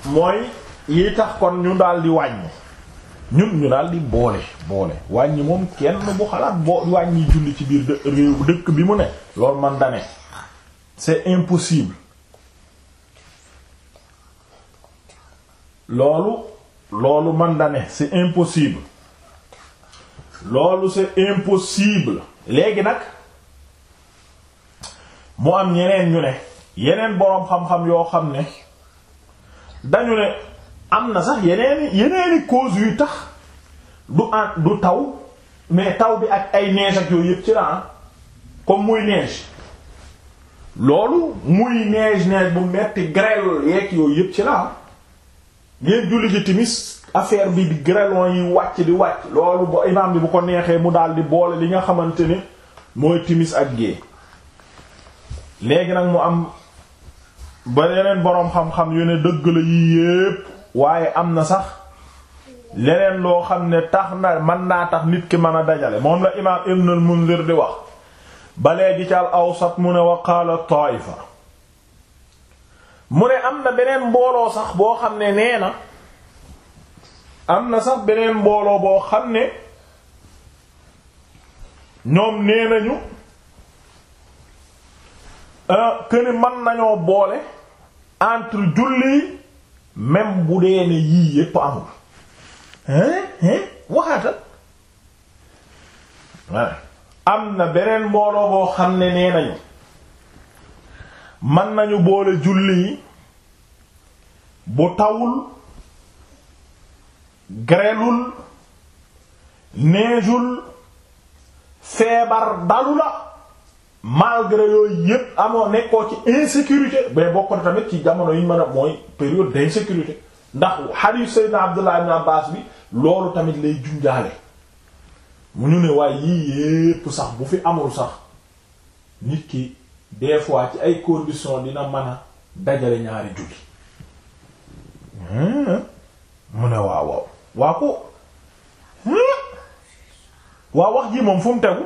A: mooy yi tax kon ñu daal di wàññi ñun ñu daal di boole boole wàññi moom kenn bu xalaat boo wàññi julli ci biir réew dëkk bi mu ne loolu man dane c'est impossible loolu loolu man dane c'est impossible loolu c'est impossible léegi nag mu am ñeneen ñu ne yeneen boroom xam-xam yoo xam ne dañu ne am na sax yeneen yeneeni cause yu tax du an du taw mais taw bi ak ay neige ak yooyu yëpp ci la ah, comme muy neige loolu muy neige neige bu metti grêle yeeg yooyu yëpp ci la ngeen ah. julli ji timis affaire bi di grêlons yi wàcc di wàcc loolu ba imaam bi bu ko neexee mu daal di boole li nga xamante ne mooy timis ak gée léegi nag mu am ba yeneen boroom xam-xam yu ne dëgg la yii yépp waaye am na sax leneen loo xam ne tax na man naa tax nit ki mën a dajale moom la imaam ibn al munzir di wax ba léegi ci al awsat mu ne wa qaala mu ne am na beneen mbooloo sax boo xam ne nee na am na sax beneen mbooloo boo xam ne ñoom nee nañu këni euh, mën nañoo boole entre julli même bu dee ne yii yépp amul hein hein waxaatal am na beneen mbooloo boo xam ne nee nañu mën nañu boole julli yi bu tawul grelul neejul feebar dalu la malgré yooyu yépp amoon nekkoo ci insécurité mais bokk na tamit ci jamono yi man a mooy période d'insécurité ndax hadith Seydina Abdullah ibn Abbas bi loolu tamit lay junjaale mu ñu ne yii sax bu fi amul sax nit ki des fois ci ay conditions dina mën a dajale ñaari julli mu ne waaw waaw waa ko waa wax ji moom fu mu tegu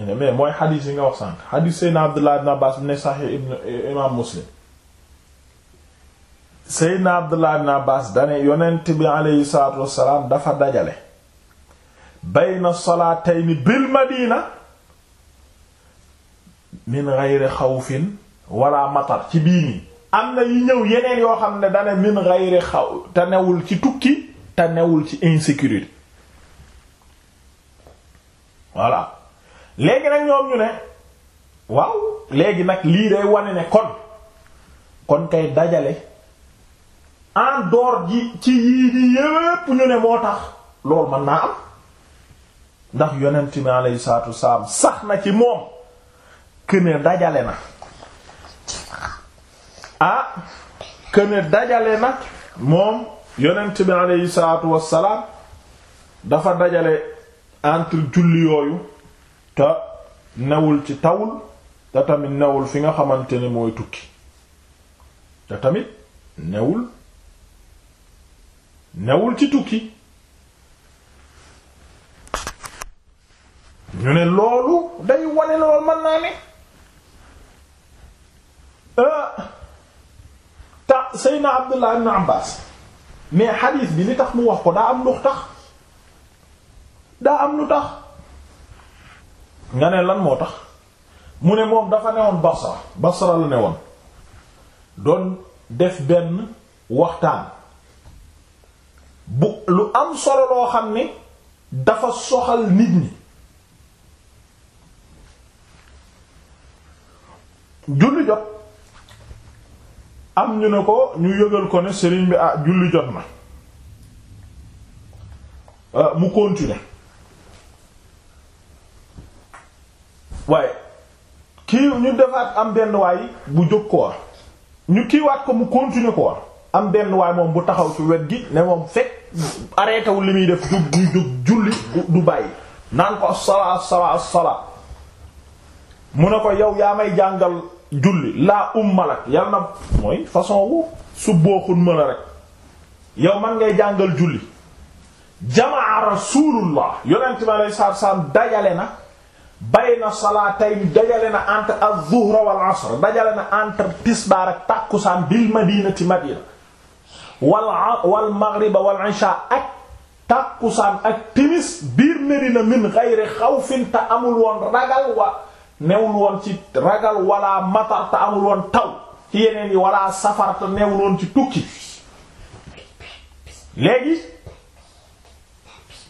A: Eh, mais mooy xadiis yi nga wax sànq xadiis Seydina Abdullah ibn Abbas bi ne Sahih ibn eh, imaam Muslim Seydina Abdullah ibn Abbas dane yonent bi aleyhi salaatu wassalaam dafa dajale bayna salaatayni bil madina min ghayri xawfin wala matar ci bii nii am na yu ñëw yeneen yoo xam ne dane min ghayri xaw te newul ci tukki te newul ci insécurité voilà léegi nag ñoom ñu ne waaw léegi nag lii de wane ne kon kon kay dajale en dehors ji ci yii di yépp ñu ne moo tax loolu mën naa am ndax yonent mi alayhi salaatu wasalaam sax na ci moom këne dajale na ah këne dajale na moom yonent bi alayhi salaatu wasalaam dafa dajale entre julli yooyu te newul ci tawul te tamit newul fi nga xamante ne mooy tukki te tamit newul newul ci tukki ñu ne loolu day wone loolu mën naa ne euh, ta Seydina Abdullah ibn Abbas mais xadiis bi li tax mu wax ko daa am lu tax daa am lu tax nga ne lan moo tax mu ne moom dafa newoon Basra Basra la newoon doon def benn waxtaan bu lu am solo loo xam ne dafa soxal nit ñi julli jot am ñu ne ko ñu yëgal ko ne sëriñ bi ah julli jot na euh, mu continuer waaye kii ñu defaat am benn waay bu jóg ko ñu kiiwaat ko mu continuer ko am benn waay moom bu taxaw ci wet gi ne moom fekk arrêté li muy def jug du jug julli du bàyyi naan ko assalaa assalaa assalaa mu ne ko yow yaa may jàngal julli laa ummalak yal na mooy façon wu su booxun mën rek yow man ngay jàngal julli jamaa rasulullah yonent bi alei saatu salaam dajale na bayna salaatayn dajale na entre az-zuhra wal asr dajale na entre tisbaar ak tàkkusaan bil madinati madina wal wal maghriba wal isha ak tàkkusaan ak timis biir madina min ghayri xawfin te amul woon ragal wa newul woon ci ragal wala matar te amul woon taw ci yeneen yi wala safar te newul woon ci tukki léegi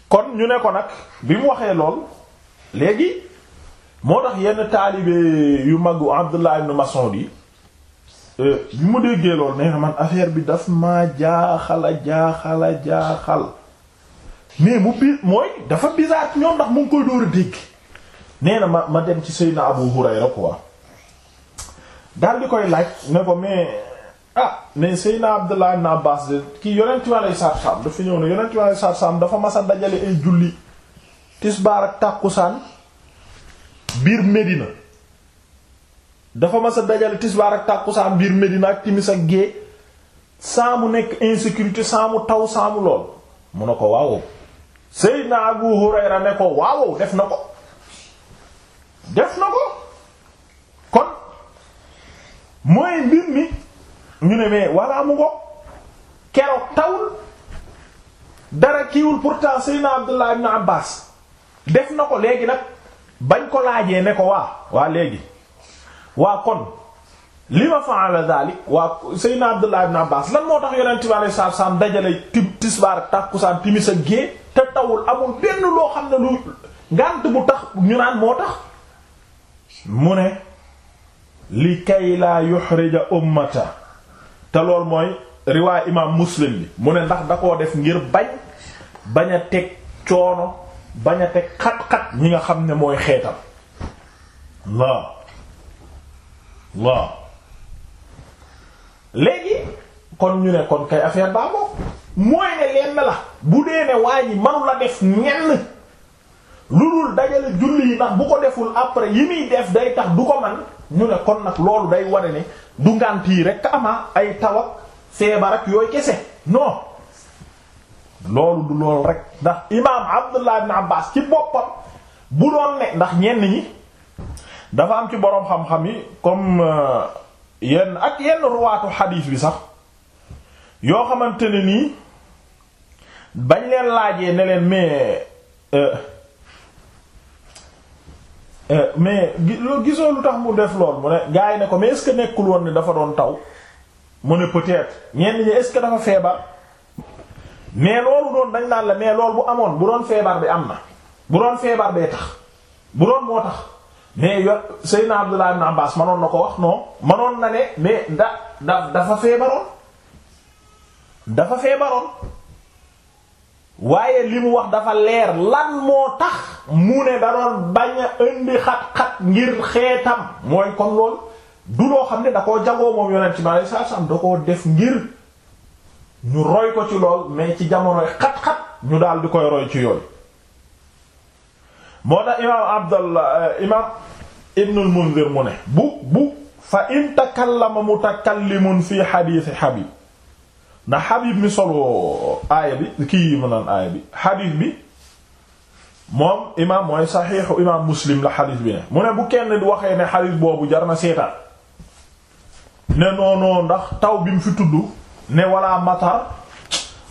A: kon ñu ne ko nag bi mu waxee lool léegi moo tax yenn taalibe yu magu Abdullah ibn Mas'ud yi euh, bi mu déggee loolu nee man affaire bi daf ma jaaxala jaaxala jaaxal mais mu bi mooy dafa bizarre ñoom ndax mu ngi koy dóor a dégg nee na ma ma dem ci Seydina Abu Hurayra quoi daal di koy laaj ne ko mais ah mais Seydina naa ibn de kii yonent mi alayhi salaatu salaam dafa ñëw ne yonent mi alayhi salaatu salaam dafa masa dajale ay julli tisbaar ak tàkkusaan biir Medina dafa mas a dajale tisbaar ak tàkkusaan biir Medina ak timis ak gée saa mu nekk insécurité saa mu taw saa mu lool mu ne ko waawow Seydina Abu Hurayra ne ko waawow def na ko def na ko kon mooy mbir mi ñu ne mais walla mu ngo keroog tawul dara kiiwul pourtant Seydina Abdullah ibn Abbas def na ko léegi nag bañ ko laajee ne ko waa waa léegi waa kon li ma fa'ala dalik waa Seydina Abdullah ibn Abbas lan moo tax yonent bi alayhi dajale tim tisbaar tàkkusaan timis ak gée te tawul amul benn loo xam ne lu ngànt bu tax ñu naan moo tax mu ne li kay yuhrija ummata te lool mooy riwaay imaam Muslim bi mu ne ndax da koo def ngir bañ bañ a teg coono bañ a teg xat-xat ñi nga xam ne mooy xeetal waaw waaw léegi kon ñu ne kon kay affaire baa moom mooy ne lenn la bu dee ne waa ji manu la def ñenn lu dul dajale julli yi ndax bu ko deful après yi muy def day tax du ko man ñu ne kon nag loolu day ware ne du ngànt yi rek amaa ay tawak feebar ak yooyu kese non loolu du loolu rek ndax imaam Abdullah ibn Abbas ci boppam bu doon ne ndax ñenn ñi dafa am ci boroom xam-xam yi comme euh, yenn ak yenn ruwaatu xadiis bi sax yoo xamante ni nii bañ leen laajee ne leen mais euh, euh, mais gisoo lu tax mu def lool mu ne gars ne ko mais est nekkul woon ni dafa doon taw mu ne peut-être ñenn ñi est dafa feebar. mais loolu doon dañ naan la mais loolu bu amoon bu doon feebar bi am na bu doon feebar bee tax bu doon moo tax mais yo Seydina Abdullah ibn Abbas manoon na ko wax non manoon na ne mais da da dafa feebaroon dafa feebaroon waaye li mu wax dafa leer lan moo tax mu ne da doon bañ a indi xat-xat ngir xeetam mooy kon loolu du loo xam ne da koo jagoo moom yonent bi sallallahu alayhi wasallam da koo def ngir ñu roy ko ci lool mais ci jamonoy xat-xat ñu daal di koy roy ci yooyu moo tax imaam abdallah eh, imaam ibnul munzir mu ne bu bu fa in takallama mutakallimun fi xadiisi xabib ndax xabib mi solo aaya bi kii mu aaya bi xadis bi moom imaam mooy saxiixu imaam muslim la xadis bi ne mu ne bu kenn waxee ne xadis boobu jar na seetaan ne noonoo ndax taw bi mu fi tudd ne wala matar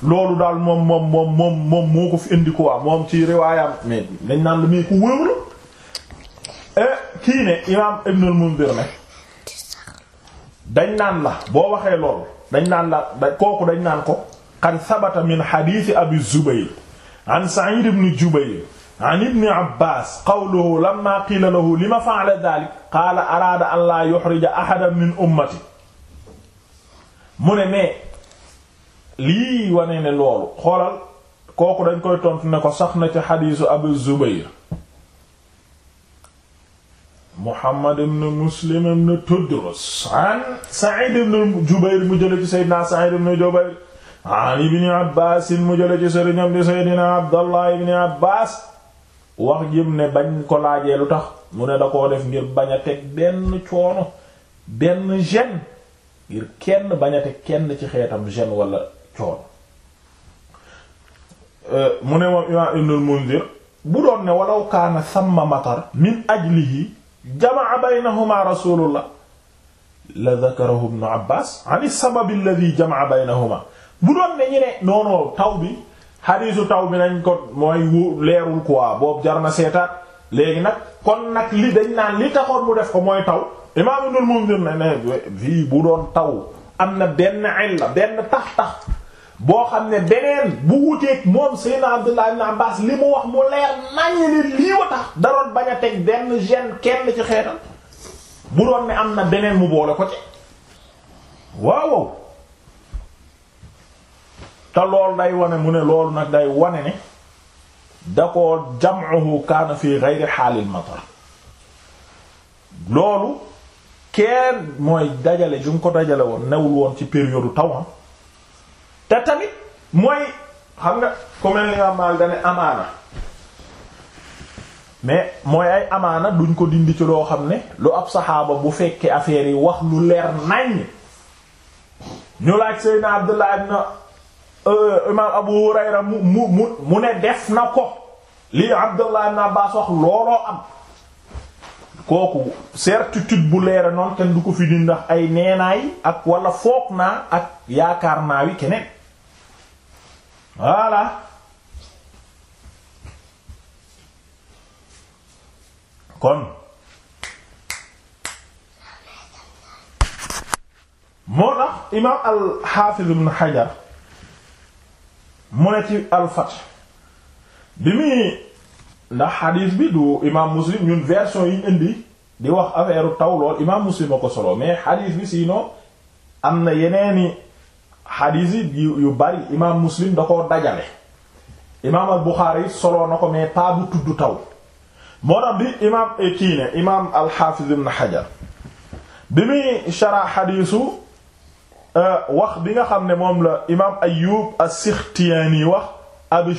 A: loolu daal moom moom moom moom moom moo ko fi indi quoi moom ci riwaayam mais dañ naan la mais ku wóorul eh, kii ne imaam Ibn al-Munzir ne dañ naan la boo waxee loolu dañ naan la da kooku dañ naan ko qad sabata min hadiisi Abi Zubayr an Sa'id ibn Jubayr an ibni abbas qawluhu lamma qiila lahu lima fa'ala dhalik qaala araada an laa yuhrija ahadan min ummati mu ne mais lii wane ne loolu xoolal kooku dañ koy tontu ne ko sax na ci xadiisu abu zubayr muhammad ibn muslim ibn tudrus an sa'id ibn jubayr mu jële ci seydina sa'id ibn jubayr an ibn abbaas mu jële ci seydina abdallah ibn abbaas wax jëm ne bañ ko laajee lu tax mu ne da koo def ngir bañ a teg benn coono benn gêne ngir kenn bañ kenn ci xeetam gêne wala coono euh, mu ne moom imaam ibnul mundir bu doon ne walaw kaana samma matar min ajlihi jamaa baynahuma rasulullah la dakarahu ibnu abbas ani sababi alladhi jamaa baynahuma bu doon ne ñu ne noonu taw bi xadiisu taw bi nañ ko mooy wu leerul quoi boobu jar na seetaat léegi nag kon nag li dañ naan li taxoon mu def ko mooy taw imaam ibnul mundir ne ne fii bu doon taw am na benn illa benn tax tax boo xam ne beneen bu wuteeg moom Seydina Abdullah ibn Abbas li mu wax mu leer naññi ne lii wa tax teg benn gene kenn ci xeetal bu doon ne am na beneen mu boole ko ci waaw te loolu day wane mu ne loolu nag day wane ne da ko jam'uhu kaana fi ghayri xaalil matar loolu kenn mooy dajale ju ko dajale woon newul woon ci période taw ah. te tamit mooy xam nga ku mel nga maal dane amaana mais mooy ay amaana duñ ko dindi ci loo xam ne lu ab saxaaba bu fekkee affaire yi wax lu leer nañ ñu laaj Seydina Abdullah ibn euh, imam Abu Hurayra mu mu mu ne def na ko li Abdullah ibn Abbas wax looloo am kooku certitude bu leera noonu kenn du ko fi di ndax ay neenaay ak wala fook naa ak yaakaar naa wi keneen voilà kon moo tax imaam al-Hafiz Hajar mu ne ci al bi muy ndax xadiis bi du imaam Muslim ñun version yi ñu indi di wax affaire taw lool imaam Muslim a solo mais xadiis bi sinon am na yeneeni xadiis yi yu bari imaam muslim da koo dajale imaam al buxaari soloo na ko mais pas bu tudd taw moo tax bi imaam eh, kii ne imaam alxaafiz ibn xajar bi muy shara xadiisu eh, wax bi nga xam ne moom la imaam ayub as-sixtiyaani wax abu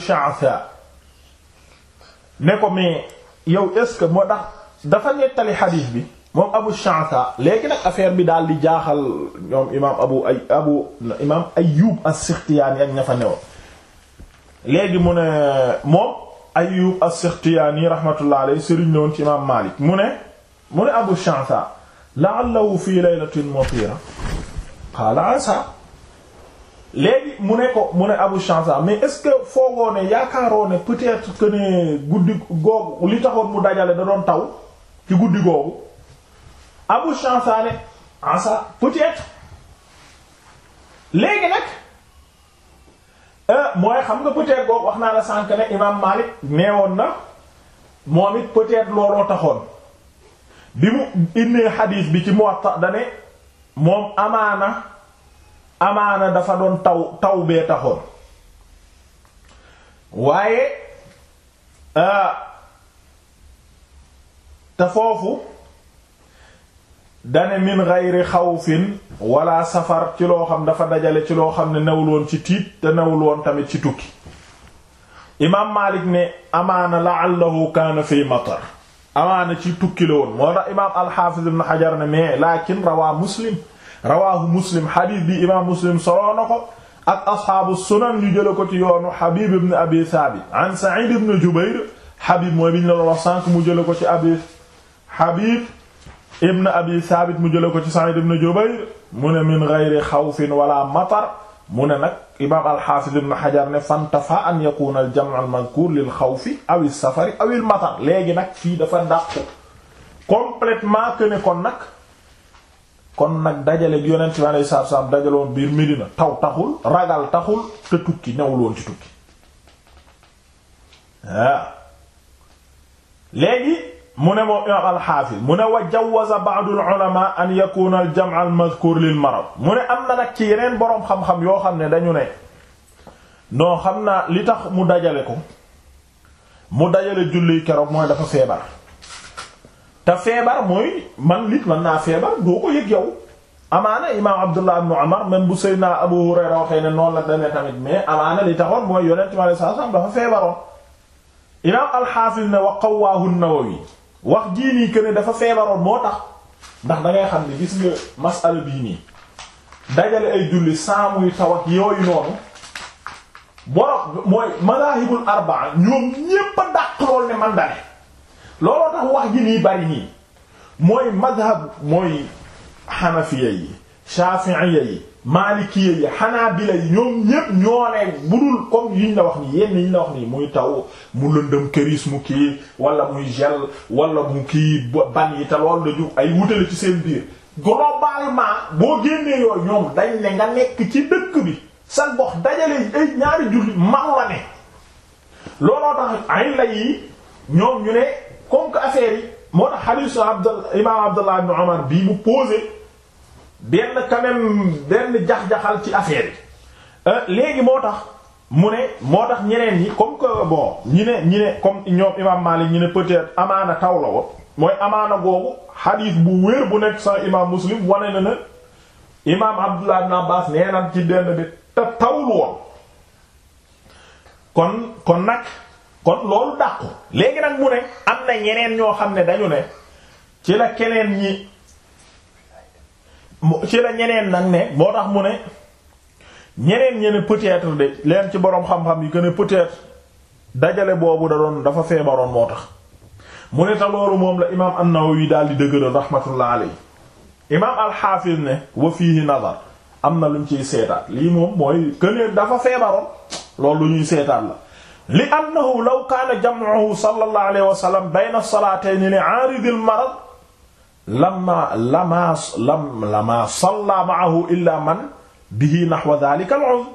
A: ne ko mais yow est ce que moo tax dafa nettali xadiis bi moom abu chansa léegi nag affaire bi daal di jaaxal ñoom imaam abu ay abu imaam ayub as-Sikhtiyani ak ña fa newoon léegi mu ne moom ayub as-Sikhtiyani rahmatullah alayhi sëriñ la ci imaam Maalik mu ne mu ne abu chansa la'allahu fi laylatin matira qaala asa léegi mu ne ko mu ne abu chansa mais est-ce que foogoo ne yaakaaroo ne peut-être que ne guddi googu li taxoon mu dajale da doon taw ci guddi googu Abu Chansaane ansa peut-être léegi nag euh, mooy xam nga peut-être boobu wax naa la sànq ne imaam neewoon na moom it peut-être looloo taxoon bi mu innee xadiis bi ci Muwatta dane moom amaana amaana dafa doon taw taw bee taxoon waaye euh, te foofu dane min geyri xawfin wala safar ci loo xam dafa dajale ci loo xam ne newul woon ci tiit te newul woon tamit ci tukki imaam Maalik ne amaana la'allahu kaana fi matar amaana ci tukki la woon moo tax imaam alxaafiz ibn Hajar ne mais lakin rawaa muslim rawaahu muslim xadiis bi imaam muslim soloo ko ak asxaabu sunan ñu jële ko ci yoonu Habib ibn Abi Thabit an Sa'id mu jële ko ci Abi Habib ibn abi saabit mu jële ko ci sa'id ibn jubayr mu ne min ghayri xawfin wala matar mu ne nag imaam alxaafis ibn xajar ne fantafa an yakuna al jam' al mazkur lil xawfi aw il safari aw il matar léegi nag fii dafa dàq complètement que ne kon nag kon nag dajale yonent bi alayhi salaatu salaam dajaloon biir Medina taw taxul ragal taxul te tukki newul woon ci tukki waaw léegi mu ne moom imaam alxaafis mu ne wa jawaza ba'du al-ulama an yakuna al-jam' al-mazkur am na ci yeneen boroom xam yoo xam ne dañu ne xam naa li tax mu dajale dajale julli keroog mooy dafa feebar te feebar mooy man naa feebar yow amaana imaam bu seydna abu hurayra waxee ne noonu la demee tamit mais amaana li taxoon mooy yonent mi sallallahu alayhi dafa feebaroon imaam alxaafis ne wa qawwaahu nawawi wax jii nii que ne dafa feebaroon moo tax ndax dangay xam ne gis nga masala bii nii dajale ay julli saa muy taw ak yooyu noonu borom mooy madahibul arbaa ñoom ñépp dàq lool ne man dane looloo tax wax ji nii bari nii mooy madhab mooy xanafiya yi shafi'iyya yi maalikiyé yi xanaabila yi ñoom ñépp ñoo leen budul comme yiñ la wax ni yenn yiñ la wax ni muy taw mu lëndëm këris mu kii wala muy gel wala mu kii ban yi te loolu dañu ay wutale ci seen biir globalement boo génnee yooyu ñoom dañ ne nga nekk ci dëkk bi sa gox dajale ay ñaari julli man la ne looloo tax ay la yi ñoom ñu ne comme que affaire yi moo tax hadith Abdallah imam Abdallah ibn bii mu posé benn quand benn jax-jaxal ci affaire euh, léegi moo tax mu ne moo tax ñeneen ñi comme que bon ñi ne ñi ñoom imam Malik ñi ne amaana taw la woon mooy amaana googu xadiis bu wér bu nekk sa imam Muslim wane na na imam Abdullah ibn Abbas ci benn bi te tawul woon kon kon nag kon loolu dàqu léegi nag mu ne am na ñeneen ñoo xam ne dañu ne ci la keneen ñi ci la ñeneen nag ne boo tax mu ne ñeneen ñene peut-être de leen ci boroom xam-xam yi que ne dajale boobu da doon dafa feebaroon moo tax mu ne ta moom la imaam an-Nawawi daal di dëgëral rahmatullah alayhi imaam al-Hafiz ne wa fiihi nazar am na lu ñu ciy seetaat lii moom mooy que dafa feebaroon loolu lu ñuy seetaat la li annahu law kaana jam'uhu sallallahu alayhi wa sallam bayna as-salatayn li'aarid lama lama lam lama salla maahu illa man bihi nahwa dhalika al-'udhr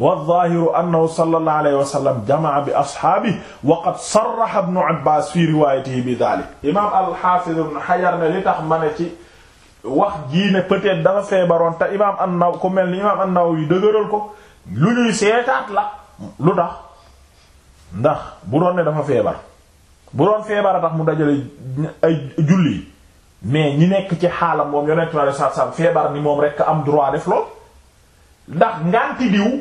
A: wadh-dhahiru annahu sallallahu alayhi wa sallam jama'a bi ashaabihi wa qad sarraha ibnu Abbaas fi riwaayatihi bi dhaalika imaam al-Haafiz ibn Hajar ne li tax ma ne ci wax jii ne peut-être dafa feebaroon te imaam an-Nawawi ku mel ni imaam an-Nawawi dëgëral ko lu ñuy seetaat la lu tax ndax bu doon ne dafa feebar bu doon feebar a tax mu dajale ay julli mais ñi nekk ci xaalam moom yonent mi alayhi salaatu salaam feebar ni moom rekk am droit def lool ndax nganti diw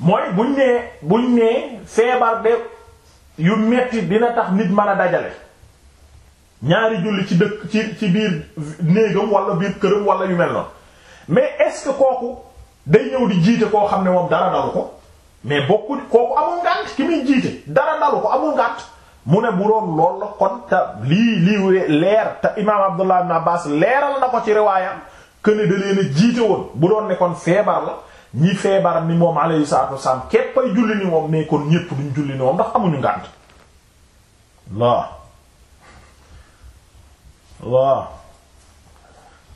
A: mooy buñ nee buñ nee feebar de yu metti dina tax nit man a dajale ñaari julli ci dëkk ci ci biir néegam wala biir këram wala yu mel noonu mais est-ce que kooku day ñëw di jiite koo xam ne moom dara dalu ko mais bokkul kooku amul ngànt ki muy jiite dara dalu ko amul ngànt mu ne bu doon lool la kon te lii lii leer te imaam Abdullah ibn Abbas leeral na ko ci riwaayam këne da leen jiite woon bu doon ne kon feebar la ñi feebar ni moom alayhi salaatu wasalaam képp ay julli ni moom ne kon ñépp duñ julli ni moom ndax amuñu ngànt laa laa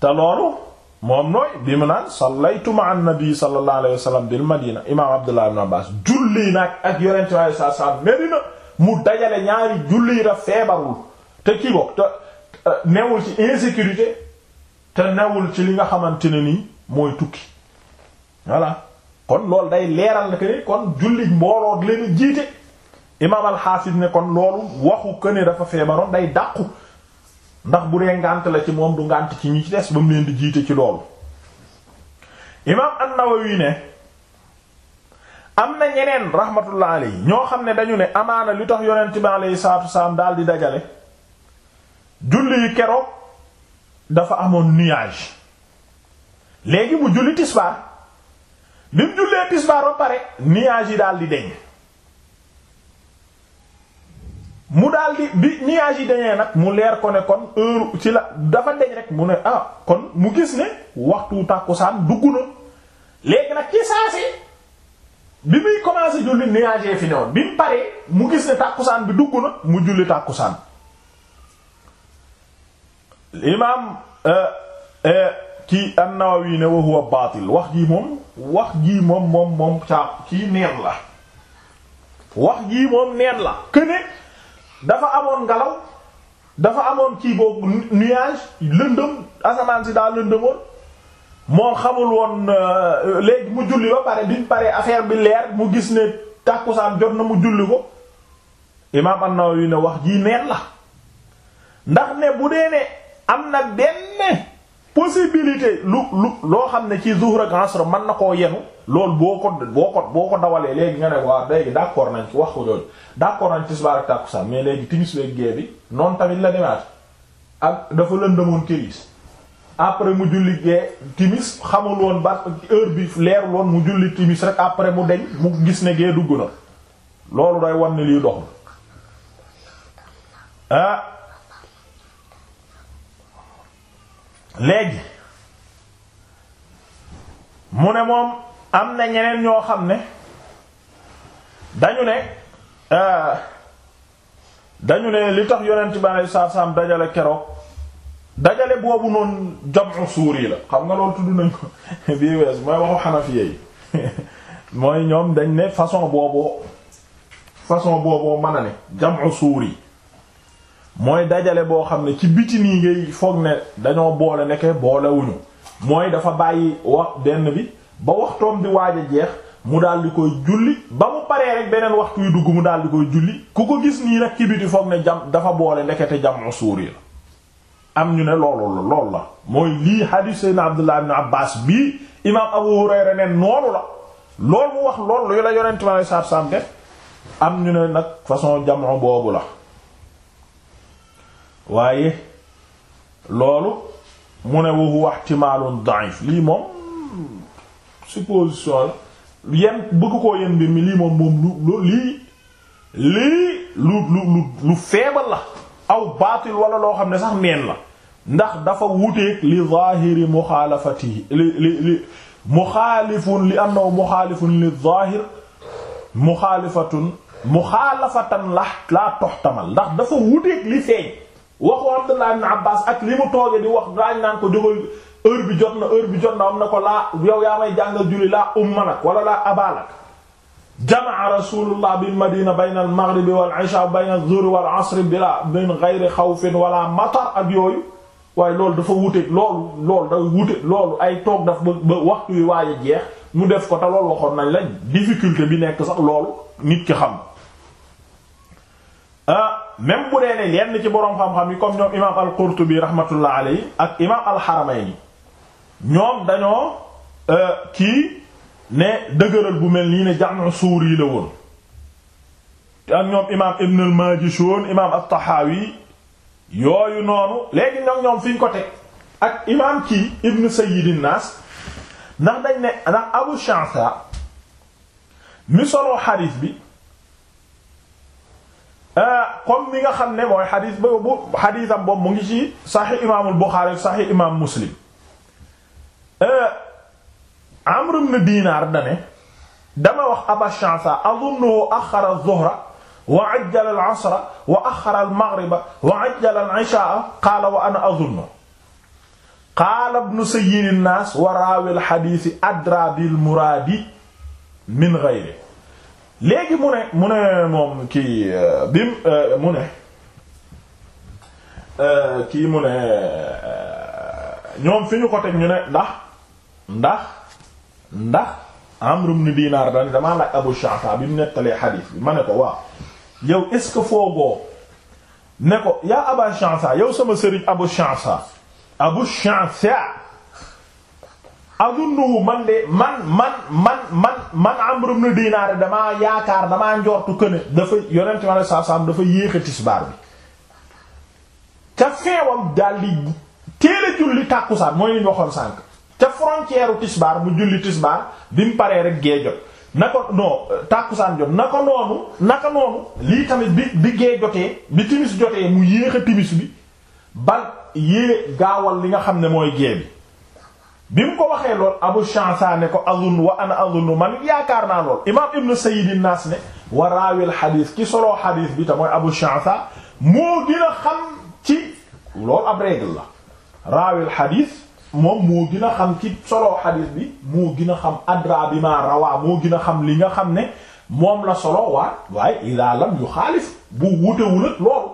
A: te loolu moom nooy bi mu naan sallaytu ma annabi sallallahu alayhi wasallam bil madina imaam Abdullah ibn Abbas julli nag ak yonente alayhi salaatu wasalaam mu dajale ñaari julli yi daf feebarul te kii boog te euh, newul ci insécurité te newul ci li nga xamante ne nii mooy tukki voilà kon loolu day leeral na que ni kon julli mbooloo leen jiite imaam alxaafis ne kon loolu waxu que ne dafa feebaroon day dàqu ndax bu dee ngànt la ci moom du ngànt ci ñi ci des ba mu leen di jiite ci loolu imaam an-Nawawi ne. am na ñeneen rahmatullah alayhi ñoo xam ne dañu ne amaana li tax yonent bi alayhi salaatu wasalaam daal di dajale julli yi keroog dafa amoon nuage léegi mu julli tisbaar bi mu jullee tisbaar ba pare nuage yi daal di deñ mu daal di bi nuage yi dañee nag mu leer ko ne kon heure ci la dafa deñ rek mu ne ah kon mu gis ne waxtu tàkkusaan dugg na léegi nag ci saasi bi muy commencé julli nuage fi newoon bi mu paree mu gis ne tàkkusaan bi dugg na mu julli tàkkusaan imaam ki euh, euh, an-Nawawi ne wa baatil wax jii moom wax jii moom moom moom caab kii neen la wax jii moom neen la këne dafa amoon ngelaw dafa amoon kii boobu nuage lëndëm asamaan si daa lëndëmoon moo xamul woon euh, léegi mu julli ba pare biñ pare affaire bi leer mu gis ne tàkkusaan jot na mu julli ko imaam An-Nawawi wax jii neen la ndax ne bu dee ne am na benn possibilité lu lu loo xam ne ci zuhr ak asr man na koo yenu loolu boo ko boo ko boo ko dawalee léegi nga ne waaw léegi d'accord nañ ci wax ko loolu d'accord nañ ci tisbaar ak tàkkusaan mais léegi timis weeg gee bi noonu tamit la demaat ak dafa lëndëmoon këris après mu julli gee timis xamul woon ba heure bi leerul mu julli timis rek après mu deñ mu gis ne gee dugg na loolu day wan ne lii doxul ah léegi mu ne moom am na ñeneen ñoo xam ne dañu ne ah, dañu ne li tax yonent bi aleyhi salaatu salaam dajale keroog dajale boobu noonu jamu suuri la xam nga loolu tudd nañ ko bii wees mooy waxu xanafiya yi mooy ñoom dañ ne façon booboo façon booboo mën a ne jamu suuri mooy dajale boo xam ne ci biti nii ngay foog ne dañoo boole nekke boolewuñu mooy dafa bàyyi wax benn bi ba waxtoom bi waaj a jeex mu daal di koy julli ba mu paree rek beneen waxtu yu dugg mu daal di koy julli ku ko gis nii nag ci biti foog ne jam dafa boole ndekete jamu suuri la am ñu ne loolu la loolu la mooy lii hadith Seydina Abdullah ibn Abbas bii imaam Abu Hurayra ne noonu la loolu mu wax loolu la yonent ma saab saab def am ñu ne nag façon jamono boobu la waaye loolu mu ne wa huwa ihtimaalun da'if lii moom supposition la yen bëgg koo yen mbir mi lii moom moom lu lii lii lu lu lu lu feebal la aw baatil wala loo xam ne sax neen la ndax dafa wuteeg li zaahiri muxaalafatihi li li li muxaalifun li annahu muxaalifun li zaahir muxaalifatun muxaalafatan la laa toxtamal ndax dafa wuteeg li feeñ waxu Abdullah ibn Abbas ak li mu tooge di wax daañ naan ko jógal heure bi jot na heure bi jot na am na ko laa yow yaa may jàngal julli laa ummalak wala laa abalak jamaa rasulullah bil madina bayna al maghribi wal isha bayna adh-dhuhri wal asri bila min ghayri xawfin wala matar ak yooyu waaye loolu dafa wuteeg loolu loolu da wuteeg loolu ay toog dafa ba ba waxtu waaye jeex mu def ko te loolu waxoon nañ la difficulté bi nekk sax loolu nit ki xam. Ah, même bu dee ne lenn ci boroom xam-xam yi comme ñoom imaam al-Qurtubi ak imaam al-Haramayni ñoom dañoo euh, kii ne dëgëral bu mel nii ne jamono suur yi la woon. ak ñoom imaam Ibn al imaam at yooyu noonu léegi ñoom ñoom fi ñu ko teg ak imaam kii ibn sayyidin nas ndax dañ ne ndax abu chansa mi soloo xadis bi euh, comme mi nga xam ne mooy xadis ba bu xadisam boobu mu ngi ci saxi imaamul buxaari saxi imaam muslim euh, amr ibn dinar dane dama wax abu chansa ak axara zuhra waa ajjala al-asra wa axara al-maghriba wa ajjala al-ishaa qaala wa ana adunnu qaala ibnu sayyi an-naas wa raawi al-hadiis adraa muraadi min ghayrihi léegi mune ne mu ne moom kii euh, bi euh, mu ne euh, kii mu fi ñu ko teg ñu ne ndax ndax ndax Amr ibn Dinar dani damaa laaj Abu Sha'tha bi mu nettalee xadiis bi ma ne waaw yow est-ce que foogoo ne ko yaa aba chansa yow sama sëriñ abu chansa abu chansa adunnuhu man de man man man man man Amr ibn Dinaar damaa yaakaar damaa njortu këne dafa yonent mi saa satu salaam dafa yéexa tisbaar bi ca feewam daal di teel a julli tàkkusaan mooy li ñu waxoon sànk ca frontière tisbaar mu julli tisbaar bi mu paree rek gee jot na ko non tàkkusaan jot na ko noonu naka noonu lii tamit bi bi gee jotee bi timis jotee mu yéex a timis bi bal yée gaawal li nga xam ne mooy gee bi bi mu ko waxee lool Abu Shansa ne ko azun wa ana azun man yaakaar naa lool imaam ibnu Sayyid an-Nas ne wa raawil xadiis ki soloo xadiis bi te mooy Abu Shansa moo gën a xam ci loolu ab règle la raawil xadiis moom moo gën a xam ci solo xadis bi moo gën a xam adra bi ma rawaa moo gën a xam li nga xam ne moom la solo waa waaye ila lam yu xaalis bu wutewul ak loolu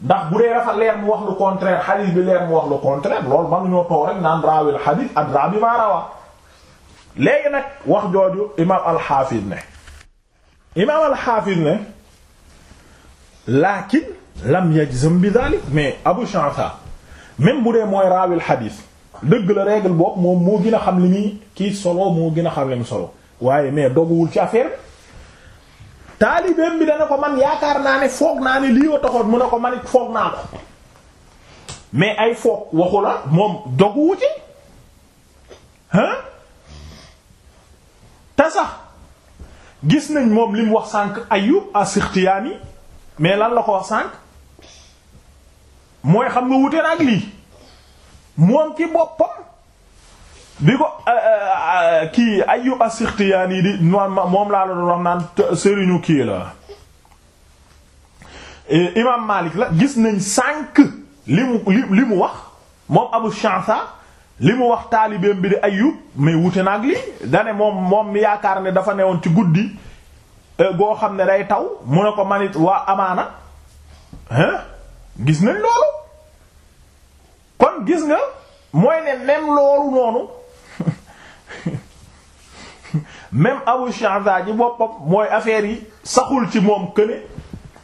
A: ndax bu dee dafa leer mu wax lu contraire xadis bi leer mu wax lu contraire loolu mënuñoo toog rek naan raawil xadis adra bi ma rawaa léegi nag wax jooju imaam alxaafis ne imaam alxaafis ne laakin lam yajzam bi dalik mais abu chansa même bu dee mooy raawil xadis dëgg la règle boobu moom moo gën a xam li muy kii solo moo gën a xam li mu solo waaye mais doguwul ci affaire taalibeem bi dana ko man yaakaar naa ne foog naa ne lii wa taxoon mu ne ko man it naa mais ay foog waxu la moom doguwu ci hein te gis nañ moom li mu wax sànq Ayyub as mais lan la ko wax sànq mooy xam nga wute na ak lii moom ci boppam bi ko euh, euh, euh, kii Ayyub as-Sikhtiyani di moom laa la doon naan sëriñu kii la imaam Malik la gis nañ sànq li mu li mu wax moom Abu Chansa li mu wax taalibeem bi di Ayyub mais wute naag li dane moom moom mi yaakaar ne dafa newoon ci guddi goo xam ne day taw mu ne ko manit waa amaana hein gis nañ loolu gis nga mooy ne même loolu noonu même Abu Sha'za ji boppam mooy affaire yi saxul ci moom këne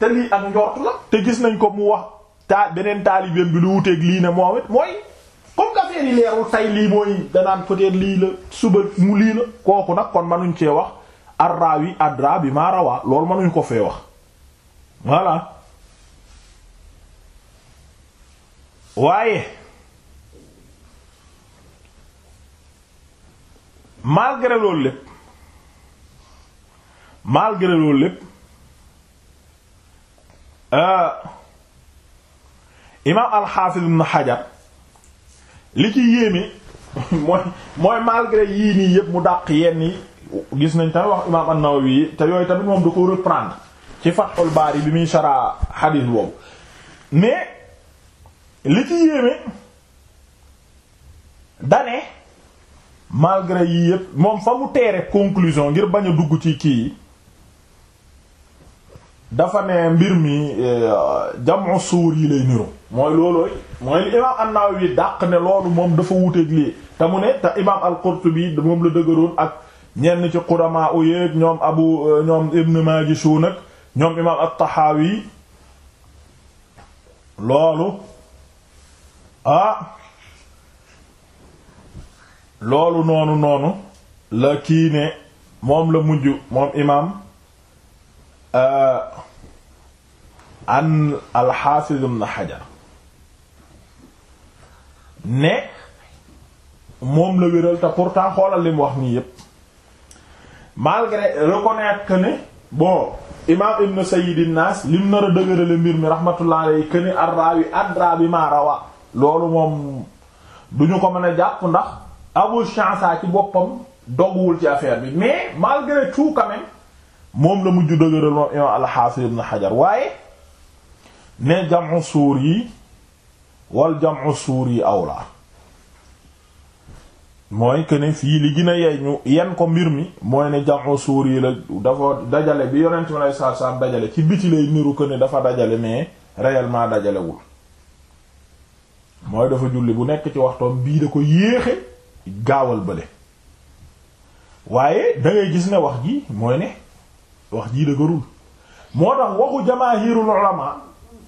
A: te lii ak njort la te gis nañ ko mu wax taa beneen taalibeem bi lu wuteeg lii ne moom it mooy comme affaire yi leerul tey lii mooy danaan peut lii la suba mu lii la kooku nag kon mënuñ cee wax arraawi adra bi maa rawaa loolu mënuñ ko fee wax waaye malgré loolu lépp malgré loolu lépp euh, imaam alxaafiz ibn Hajar li ci yéeme mooy mooy malgré yii nii yépp mu dàq yenn yi gis nañ tamit wax imaam an-Nawawi yi te yooyu tamit moom du ko reprendre ci Fathul Baari bi muy saraa xadiis boobu mais li ci yéeme dane malgré yii yëpp moom fa mu teere conclusion ngir bañ a dugg ci kii yi dafa ne mbir mi eh, jamu suur yi lay niro mooy loolooy mooy li imaam an-Nawawi dàq ne loolu moom dafa wuteeg lii te mu ne te imaam al-Qurtubi moom la dëgëroon ak ñenn ci qudama u yéeg ñoom abu eh, ñoom ibn Majishun ak ñoom imaam at-Tahawi loolu ah loolu noonu noonu la kii ne moom la mujj moom imaam euh, an alxaafiz ibn xajar ne moom la wéral te pourtant xoolal li mu wax nii yépp malgré reconnaître que ne bon imaam ibn sayyidin nas lim nar a mbir mi rahmatullah alayhi que ne ar bi ma rawa loolu moom duñu ko mën a jàpp ndax Abu Chansa ci boppam doguwul ci affaire bi mais malgré tout quand moom la mujj dëgëral moom imaam al-Hafiz ibn Hajar waaye ne jam'u suuri wal jam'u suuri awla mooy que ne fii li gën a ñu yen ko mbir mi mooy ne jam'u yi la dafa dajale bi yonent mi alayhi salaatu salaam dajale ci biti lay niru que dafa dajale mais réellement dajalewul mooy dafa julli bu nekk ci waxtoom bii da ko yéexe gaawal bële waaye dangay gis ne wax ji mooy ne wax jii dëgërul moo tax waxu jamaahirul ulama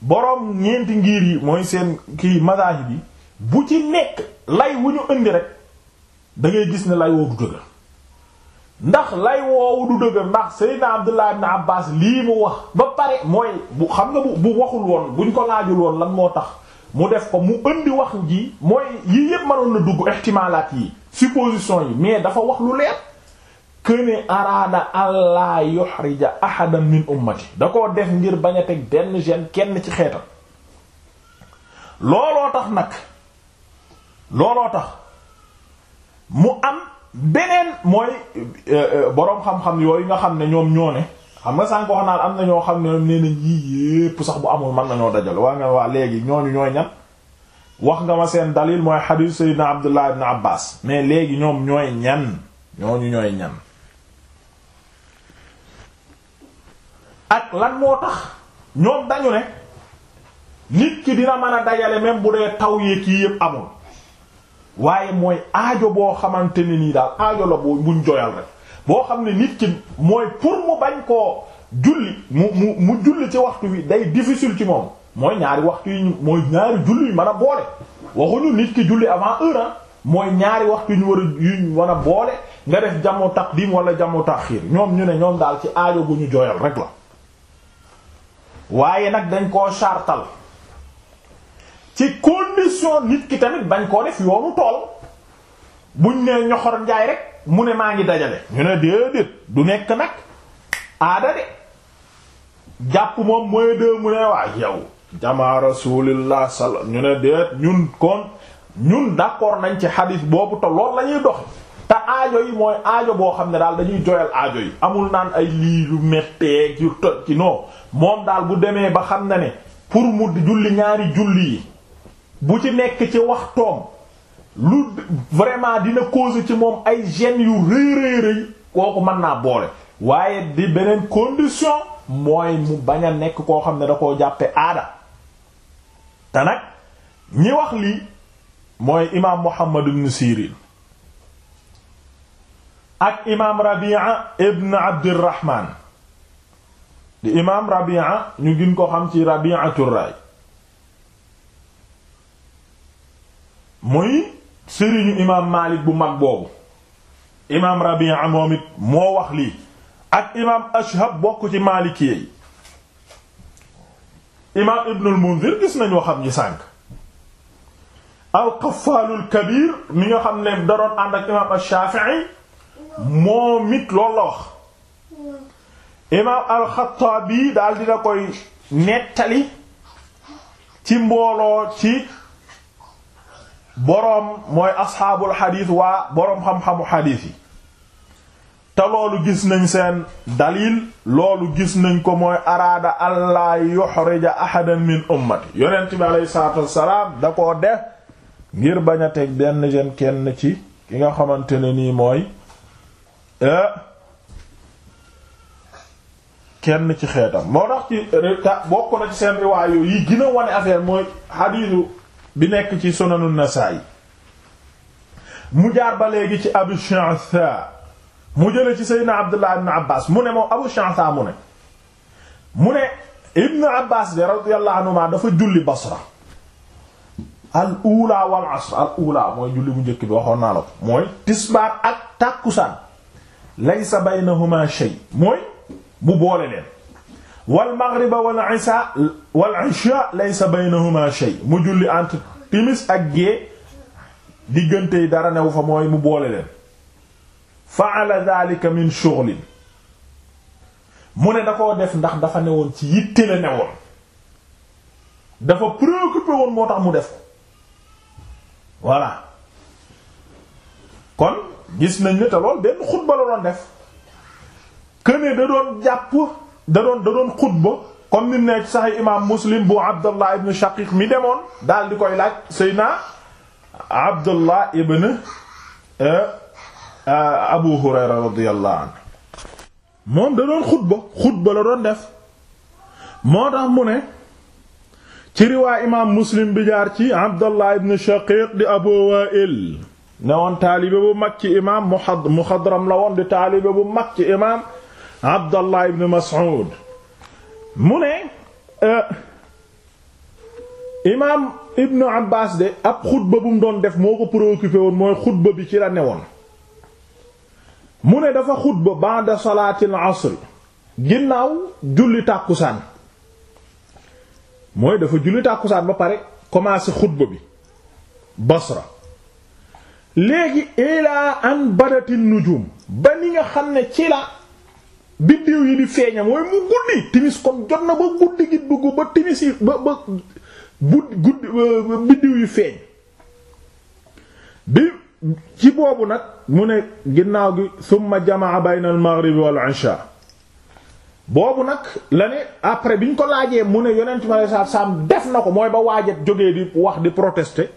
A: boroom ñeenti ngir yi mooy seen kii mazahib yi bu ci nekk lay wu ñu indi rek dangay gis ne lay woo du dëgër ndax lay woowu du dëgër ndax Seydina Abdullah ibn Abbas lii mu wax ba pare mooy bu xam nga bu bu waxul woon buñ ko laajul woon lan moo tax mu def ko mu indi wax jii mooy yii yépp mënoon na dugg ihtimalaat yi supposition yi mais dafa wax lu leer këne araada allah yuhrija ahadan min ummati da koo def ngir bañ a teg benn gene kenn ci xeetam looloo tax nag looloo tax mu am beneen mooy euh, euh, boroom xam-xam yooyu nga xam ne ñoom ñoo ne xam nga sànq wax am na ñoo xam ne nee nañ yii yépp sax bu amul mën nañoo dajale waa nga waa léegi ñooñu ñooy ñan wax nga ma seen dalil mooy xadiis Seydina Abdullah ibn Abbas mais léegi ñoom ñooy ñan ñooñu ñooy ñan ak lan moo tax ñoom dañu ne nit ki dina mën a dajale même bu dee taw yi kii yépp amul waaye mooy aajo boo xamante ni nii daal aajo la bu buñ joyal rek boo xam ne nit ki mooy pour mu bañ koo julli mu mu mu julli ci waxtu wi day difficile ci moom mooy ñaari waxtu yi mooy ñaari julli yu mën a boole waxuñu nit ki julli avant heure ah. mooy ñaari waxtu yu ñu war a war a boole nga def jamu taqdim wala jamu taxir ñoom ñu ne ñoom daal ci aajo gu ñu jooyal rek la waaye nag dañ koo chartal ci condition nit ki tamit bañ koo def yoonu tool buñ nee ñoxor njaay rek. mu ne maa ngi dajale ñu ne déedéet du nekk nag aada de jàpp moom mooy dee mu ne waa yow jamaa rasulillah sal ñu ne déet ñun kon ñun d'accord nañ ci xadis boobu te lañuy la dox te aajo yi mooy aajo boo xam ne daal dañuy joyal aajo yi amul naan ay lii yu méttee yu toj ci non moom daal bu demee ba xam na ne pour mu julli ñaari julli yi bu ci nekk ci wax waxtoom lu vraiment dina causer ci moom ay gen yu rëy rëy rëy kooku mën naa boole waaye di beneen condition mooy mu bañ a nekk koo xam ne da koo jàppe aada te nag ñi wax lii mooy imaam Muhammad ibn Sirin ak imaam Rabi'a ibn Abdirahman di imaam Rabi'a ñu gën ko xam ci Rabi'atur Ray muy sëriñu imaam Maalik bu mag boobu imaam Rabi'a moo wax lii ak imaam Ashhab bokk ci Maalikiyé yi imaam Ibnul Munzir gis nañu waxam ñi sànq al-Qaffaalul Kabiir mi nga xam ne daroon doon ànd ak imaam Ash-Shaafi'i moom it loolu la imaam Al-Xattaabi daal dina koy nettali ci mbooloo ci. boroom mooy asxaabul xadiis waa boroom xam-xamu xadiis yi te loolu gis nañ seen dalil loolu gis nañ ko mooy araada allah yuxrija ahadan min ummati yonent bi aleyhi salaatu wassalaam da koo def ngir bañ a teg benn jeune kenn ci ki nga xamante ne nii mooy eh, kenn ci xeetam moo tax ci bokk na ci seen riwaayu yi gën a wane mooy xadiisu bi nekk ci sunanu Nasaa'i mu jaar ba léegi ci Abu Sha'tha mu jële ci Seydina Abdullah ibn Abbas mu ne moom Abu Sha'tha mu ne mu ne Ibn Abbas de radiyallahu anhuma dafa julli Basra al ula wal asr al ula mooy julli bu njëkk bi waxoon naa la ko mooy tisbaar ak tàkkusaan laysa baynahuma shay mooy mu boole leen wal walla wal isa wal isha laysa baynahuma shay mu julli entre timis ak gée diggante yi dara new fa mooy mu boole leen fa'ala dhalika min shughlin mu ne da koo def ndax dafa newoon ci yitte la newoon dafa préoccupé woon moo tax mu def ko voilà kon gis nañ ne te lool benn xutba la doon def que da doon jàpp da doon da doon xutba nekk sax imaam muslim bu abdullah ibn shaqiq mi demoon daal di koy laaj seydna abdullah ibn eh, eh, abu hurayra radiyallahu anhu moom da doon xutba xutba la doon def moo tax mu ne ci riwaay imaam muslim bi jaar ci abdullah ibn abu wa'il ne woon taalibe bu mag imaam muxadram la woon di taalibe bu mag imaam Abdallah ibn Mas'ud mu ne euh, imaam Ibn Abbas de ab xutba bu mu doon def moo ko préoccupé woon mooy xutba bi ci la woon mu ne dafa xutba ba'da salaatil asr ginnaaw julli tàkkusaan mooy dafa julli tàkkusaan ba pare commencé xutba bi Basra léegi ilaa an badatin nujum ba ni nga xam ne ci la biddiw yi di feeña mooy mu guddi timis kon jot na ba guddi gi dugg ba timis yi ba ba euh, biddiw yi feeñ bi ci boobu nag mu ne ginnaaw gi summa jamaa bayna al maghrib wal isha boobu nag la ne après bi ñu ko laajee mu ne yonent ma sa saam def na ko mooy ba waajet jógee di wax di protester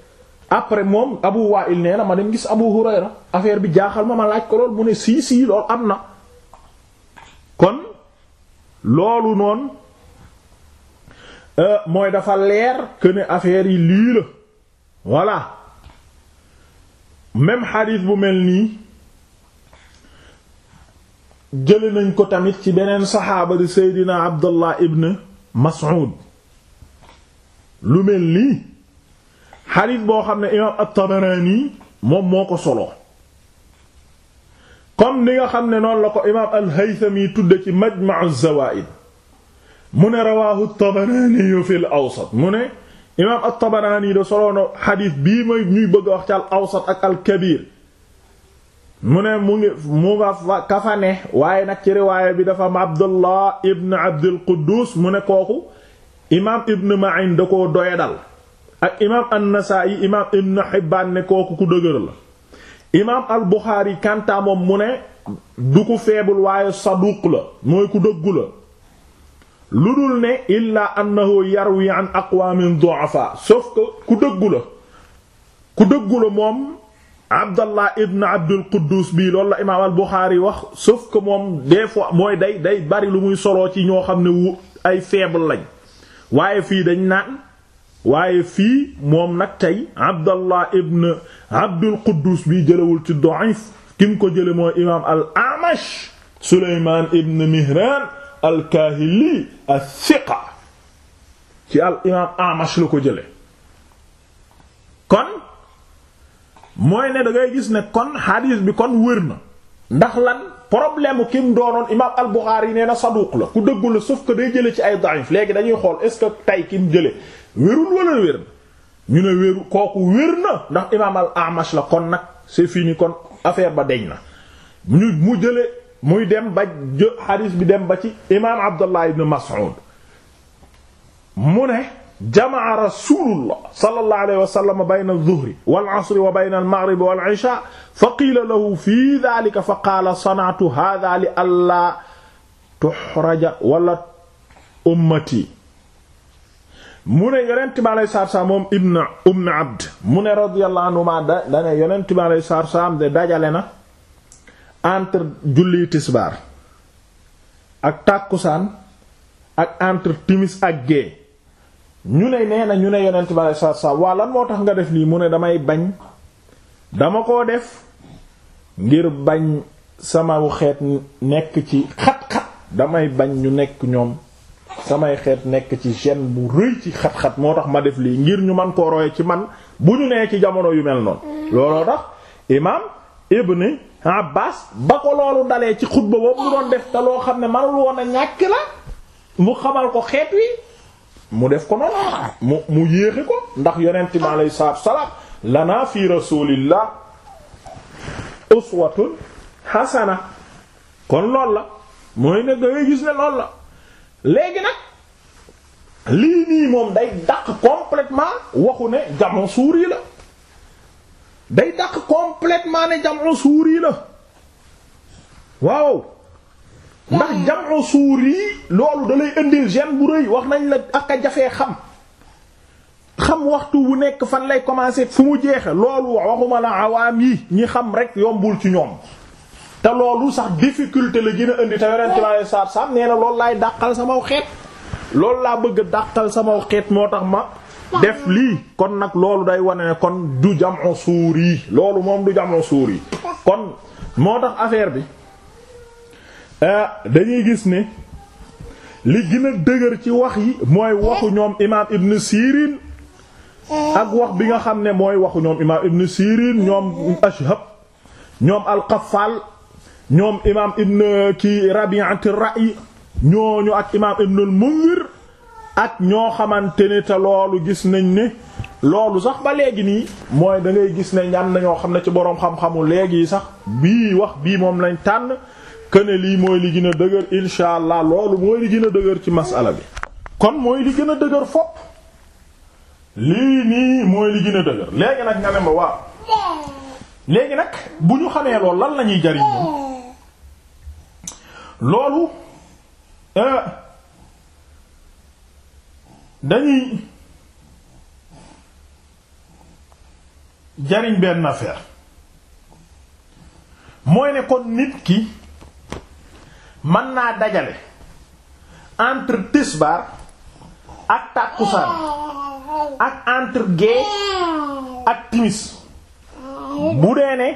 A: après moom Abu Wa'il nee na ma dem gis Abu Hurayra affaire bi jaaxal ma ma laaj ko lool mu ne sii sii lool am na loolu noon euh, mooy dafa leer que ne affaire yi lii la voilà même xadiis bu mel nii jële nañ ko tamit ci beneen saxaaba di seydina abdullah ibn mas'ud lu mel nii xadiis boo xam ne imaam at-Tabarani moom moo ko solo comme ni nga xam ne noonu la ko imaam al-Haythami tudde ci Majma' az-Zawaa'id mu ne rawaahu at-Tabaraani awsat mu ne imaam at-Tabaraani da soloono xadiis bii may ñuy bëgg a wax ci al-Awsat ak al-Kabiir mu ne mu ngi mu nga fa kafa waaye nag ci riwaaya bi dafa am Abdullah ibn Abdul Quddus mu ne kooku imaam ibn Ma'in da koo doyadal ak imaam an-Nasaa'i imaam ibn Hibbaan ne kooku ku dëgër la imaam al-Bukhari kanta moom mu ne du ku feebul waaye saduq la mooy ku dëggu la lu dul ne illaa annahu yarwi an aqwamin du'afa sauf que ku dëggu la ku dëggu la moom Abdallah ibn Abdul Quddus bii loolu la imaam al-Bukhari wax sauf que moom des fois mooy day day bari lu muy solo ci ñoo xam ne wu ay feebul lañ waaye fii dañ naan waaye fii moom nag tey abdallah ibn abdul quddus bi jëlawul ci da'if kim ko jële moo imaam al amash suleyman ibn mihran al kahili al thiqa ci al imaam amash la ko jële kon mooy ne da ngay gis ne kon xadiis bi kon wër na ndax lan problème kim doonoon imaam al buxaari yi nee na saduq la ku dëggu la sauf ko day jële ci ay da'if léegi dañuy xool est ce que tey kim jële wérul wala wér na ñu ne kooku wér ndax imaam al amash la kon nag c'est kon affaire ba deñ mu jële muy dem ba jë bi dem ba ci imaam abdullah ibn mas'ud mu ne jamaa rasulullah sallallahu alayhi wa sallam bayna adh-dhuhri wal 'asri al-maghribi wal 'isha fa qiila fi dhalika fa qaala sana'tu hadha li wala ummati mu ne yonent bi alayhi salaatu salaam moom ibn umm abd mu ne radiyallahu anhuma da dane yonent bi alayhi salaatu de dajale na entre julli tisbaar ak tàkkusaan ak entre timis ak gée ñu ne nee na ñu ne yonent bi alayhi salaatu salaam waa lan moo tax nga def lii mu ne damay bañ dama koo def ngir bañ sama xeet nekk ci xat-xat damay bañ ñu nekk ñoom samay xeet nekk ci gene bu rëy ci xat-xat moo tax ma def lii ngir ñu man koo roye ci man bu ñu nee ci jamono yu mel noonu mm. looloo tax imaam ibn abbas ba ko loolu dalee ci xutba boobu mu doon def te loo xam ne manul na a ñàkk la mu xamal ko xeet wi mu def ko noonu mu mu yéexe ko ndax yonent mi alayhi salaatu salaam lana fi rasulillah uswatun hasana kon loolu la mooy ne da gis ne loolu la léegi nag lii nii moom day dàq complètement waxu ne jamu suur yi la day dàq complètement ne jamu suur yi la waaw ndax hmm. jamu suur yi loolu da lay indil gene bu rëy wax nañ la ak jafee xam xam waxtu bu nekk fan lay commencer fu mu jeexe loolu waxuma la awaam yi ñi xam rek yombul ci ñoom te loolu sax difficulté la gën a indi te yonent ma saab saab nee na loolu laay dàqal sama xeet loolu laa bëgg a dàqal sama xeet moo tax ma def lii kon nag loolu day wane ne kon du jamoo suur yi loolu moom du jamoo suur yi kon moo tax affaire bi euh, dañuy gis ni li gën dëgër ci wax yi mooy waxu ñoom imaam Ibn Sirin ak wax bi nga xam ne mooy waxu ñoom imaam Ibn Sirin ñoom Ashhab ñoom al ñoom imaam ibn euh, ki rabi'ati ra'i ñooñu ak imaam ibn al ak ñoo xamante ne te loolu gis nañ ni loolu sax ba léegi nii mooy da ngay gis ne ñan na ñoo xam ne ci boroom xam-xamu léegi sax bii wax bii moom lañ tànn këne lii mooy li gën a dëgër insha allah loolu mooy li gën a dëgër ci masala bi kon mooy li gën a dëgër fopp lii nii mooy li gën a dëgër léegi nag nga ne waaw léegi nag bu ñu xamee loolu lan la ñuy jariñ loolu euh, dañuy jariñ benn affaire mooy ne kon nit ki mën naa dajale entre tisbaar ak tàkkusaan ak entre gée ak timis bu dee ne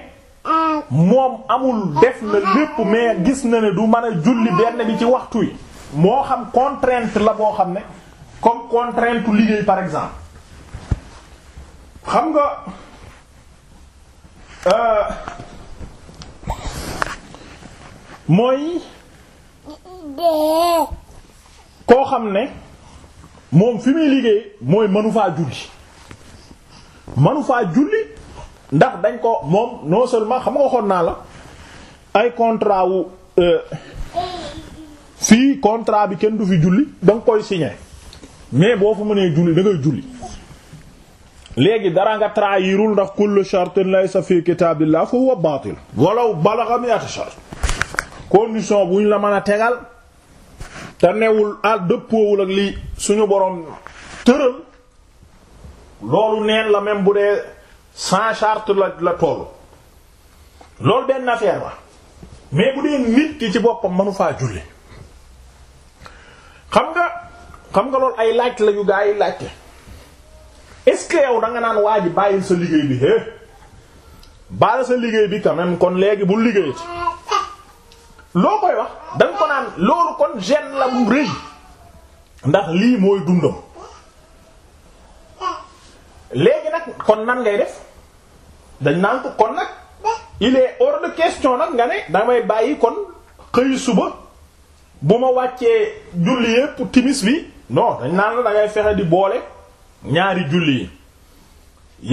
A: moom amul def na lépp mais gis na ne du man a julli benn bi ci waxtu yi moo xam contrainte la boo xam ne comme contrainte liggéey par exemple xam nga euh, mooy koo xam ne moom fi muy liggéey mooy manu faa julli manu faa julli ndax dañ ko moom non seulement xam nga waxoon naa la ay contrat wu euh, fii contrat bi kenn du fi julli da koy signé mais boo fa mënee julli da ngay julli léegi dara nga trahirul ndax kullu shartin laysa fi kitaabillah fa huwa baatil walaw balagha mi'ata shart condition bu ñu la mën a tegal te newul à ah, dëppoowul ak li suñu borom tëral loolu neen la même bu dee sans charte la la toll loolu benn affaire la mais bu dee nit ki ci boppam mënu faa julli xam nga xam nga loolu ay laaj lañu yu gaa yi laajte est-ce que yow da nga naan waa ji bàyyil sa liggéey bi é baal sa liggéey bi quand kon léegi bul liggéey ci loo koy wax da ko naan loolu kon gêne la mu rëy ndax lii mooy dundam léegi nag kon nan ngay def dañ naan ko kon nag ah, il est hors question nag nga ne damay bàyyi kon xëy suba bu ma wàccee julli yépp timis bi non dañ naan la da ngay fexe di boole ñaari julli yi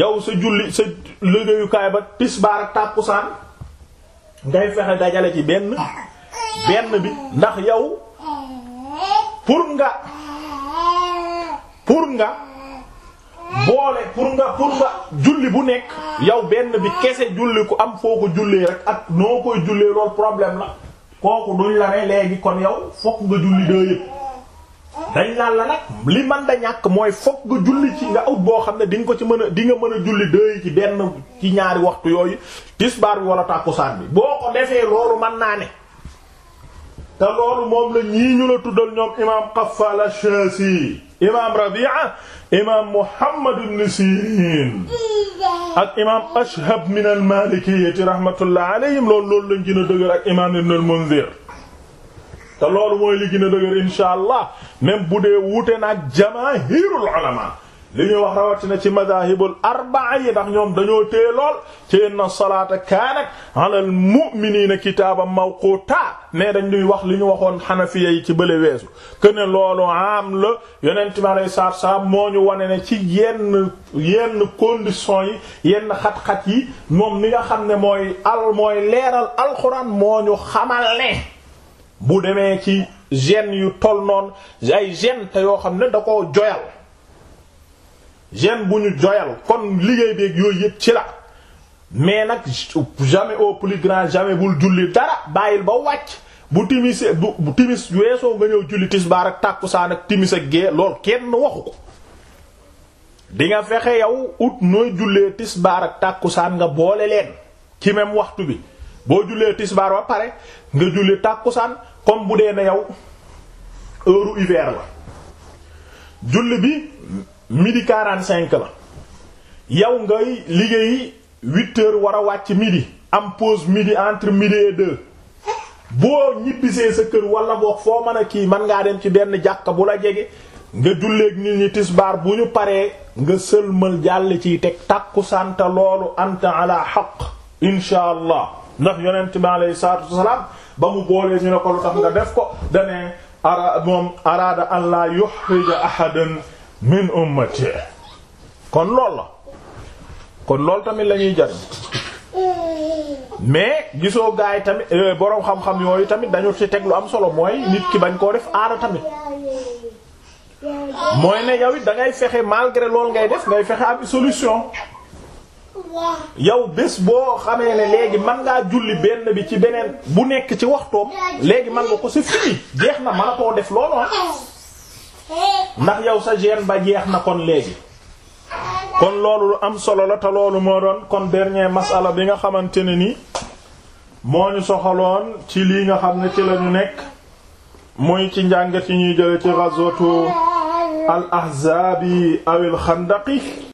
A: yow sa julli sa liggéeyukaay ba tisbaar ak tàkkusaan ngay fexe dajale ci benn benn bi ndax yow pour nga pour nga boole pour nga pour nga julli bu nekk yow benn bi kese julli ku am foo ko jullee rek ak noo koy jullee loolu problème la kooku duñ la ne léegi kon yow fokk nga julli doo yëpp dañ naan la nag li man da ñàkk mooy fokk nga julli ci nga ut boo xam ne di ko ci mën a di nga mën a julli dëy ci benn ci ñaari waxtu yooyu tisbaar bi wala tàkkusaan bi boo ko defee loolu mën naa ne te loolu moom la ñii ñu la tuddal ñoom imaam Qaffal ash imaam Rabi'a imaam Muhammad ibn Sirin ak imaam Ashhab min al-Maalikiyyati rahmatullah loolu la lañ gën a ak imaam Ibn al-Munzir te loolu mooy li gën a allah même bu dee wuute naag jamaahirul li ñuy wax rawatina ci madahibul arbaa yi ndax ñoom dañoo téye lool ci inna salaata kaanat ala al mu'minina kitaaban mawquta ne dañ ñuy wax li ñu waxoon xanafiya yi ci bële weesu que ne loolu am la yonent mi alayhi salaatu wassalaam moo ñu wane ne ci yenn yenn conditions yi yenn xat-xat yi moom li nga xam ne mooy al mooy leeral alxuraan moo ñu xamal ne bu demee ci gene yu toll noonu ay gene te yoo xam ne da ko joyal gene bu ñu joyal kon liggéey beeg yooyu yëpp ci la mais nag jamais au plus grand jamais bul julli dara bàyyil ba wàcc bu timis bu timis weesoo nga ñëw julli tisbaar ak tàkkusaan ak timis ak gee lool kenn waxu ko di nga fexe yow ut nooy jullee tisbaar ak tàkkusaan nga boole leen ci même waxtu bi boo jullee tisbaar ba pare nga julli tàkkusaan comme bu dee ne yow heure hiver la julli bi midi quarante cinq la yow ngay liggéey huit heures war a wàcc midi am pause midi entre midi et deux boo ñibbisee sa kër wala boog foo mën a kii mën ngaa dem ci benn jàkka bu la jege nga julleeg nit ñi tisbaar bu ñu paree nga sëlmal jàll ci teg takku sante loolu anta ala xaq insha allah ndax yonent bi aleyhi salaatu ba mu boolee ñu ne ko lu tax nga def ko dane araada an la yuhrija ahadan min ummati kon lool la kon lool tamit la ñuy jariñ mais gisoo gars yi tamit euh, boroom xam-xam yooyu tamit dañu ci teglu am solo mooy nit ki bañ koo def aada tamit mooy ne yow it da ngay fexe malgré lool ngay def ngay fexe am solution yow bés boo xamee ne léegi man ngaa julli benn bi ci beneen bu nekk ci waxtoom léegi mën nga ko c'est fini jeex na mën a koo def loolu ah. ndax yow sa gene ba jeex na kon léegi kon loolu lu am solo la te loolu moo doon kon dernier masala bi nga xamante ne ni moo ñu soxaloon ci lii nga xam ne ci lañu nekk muy ci njàngat yi ñuy jële ci ghazwatu al ahzaabi awil xandaqi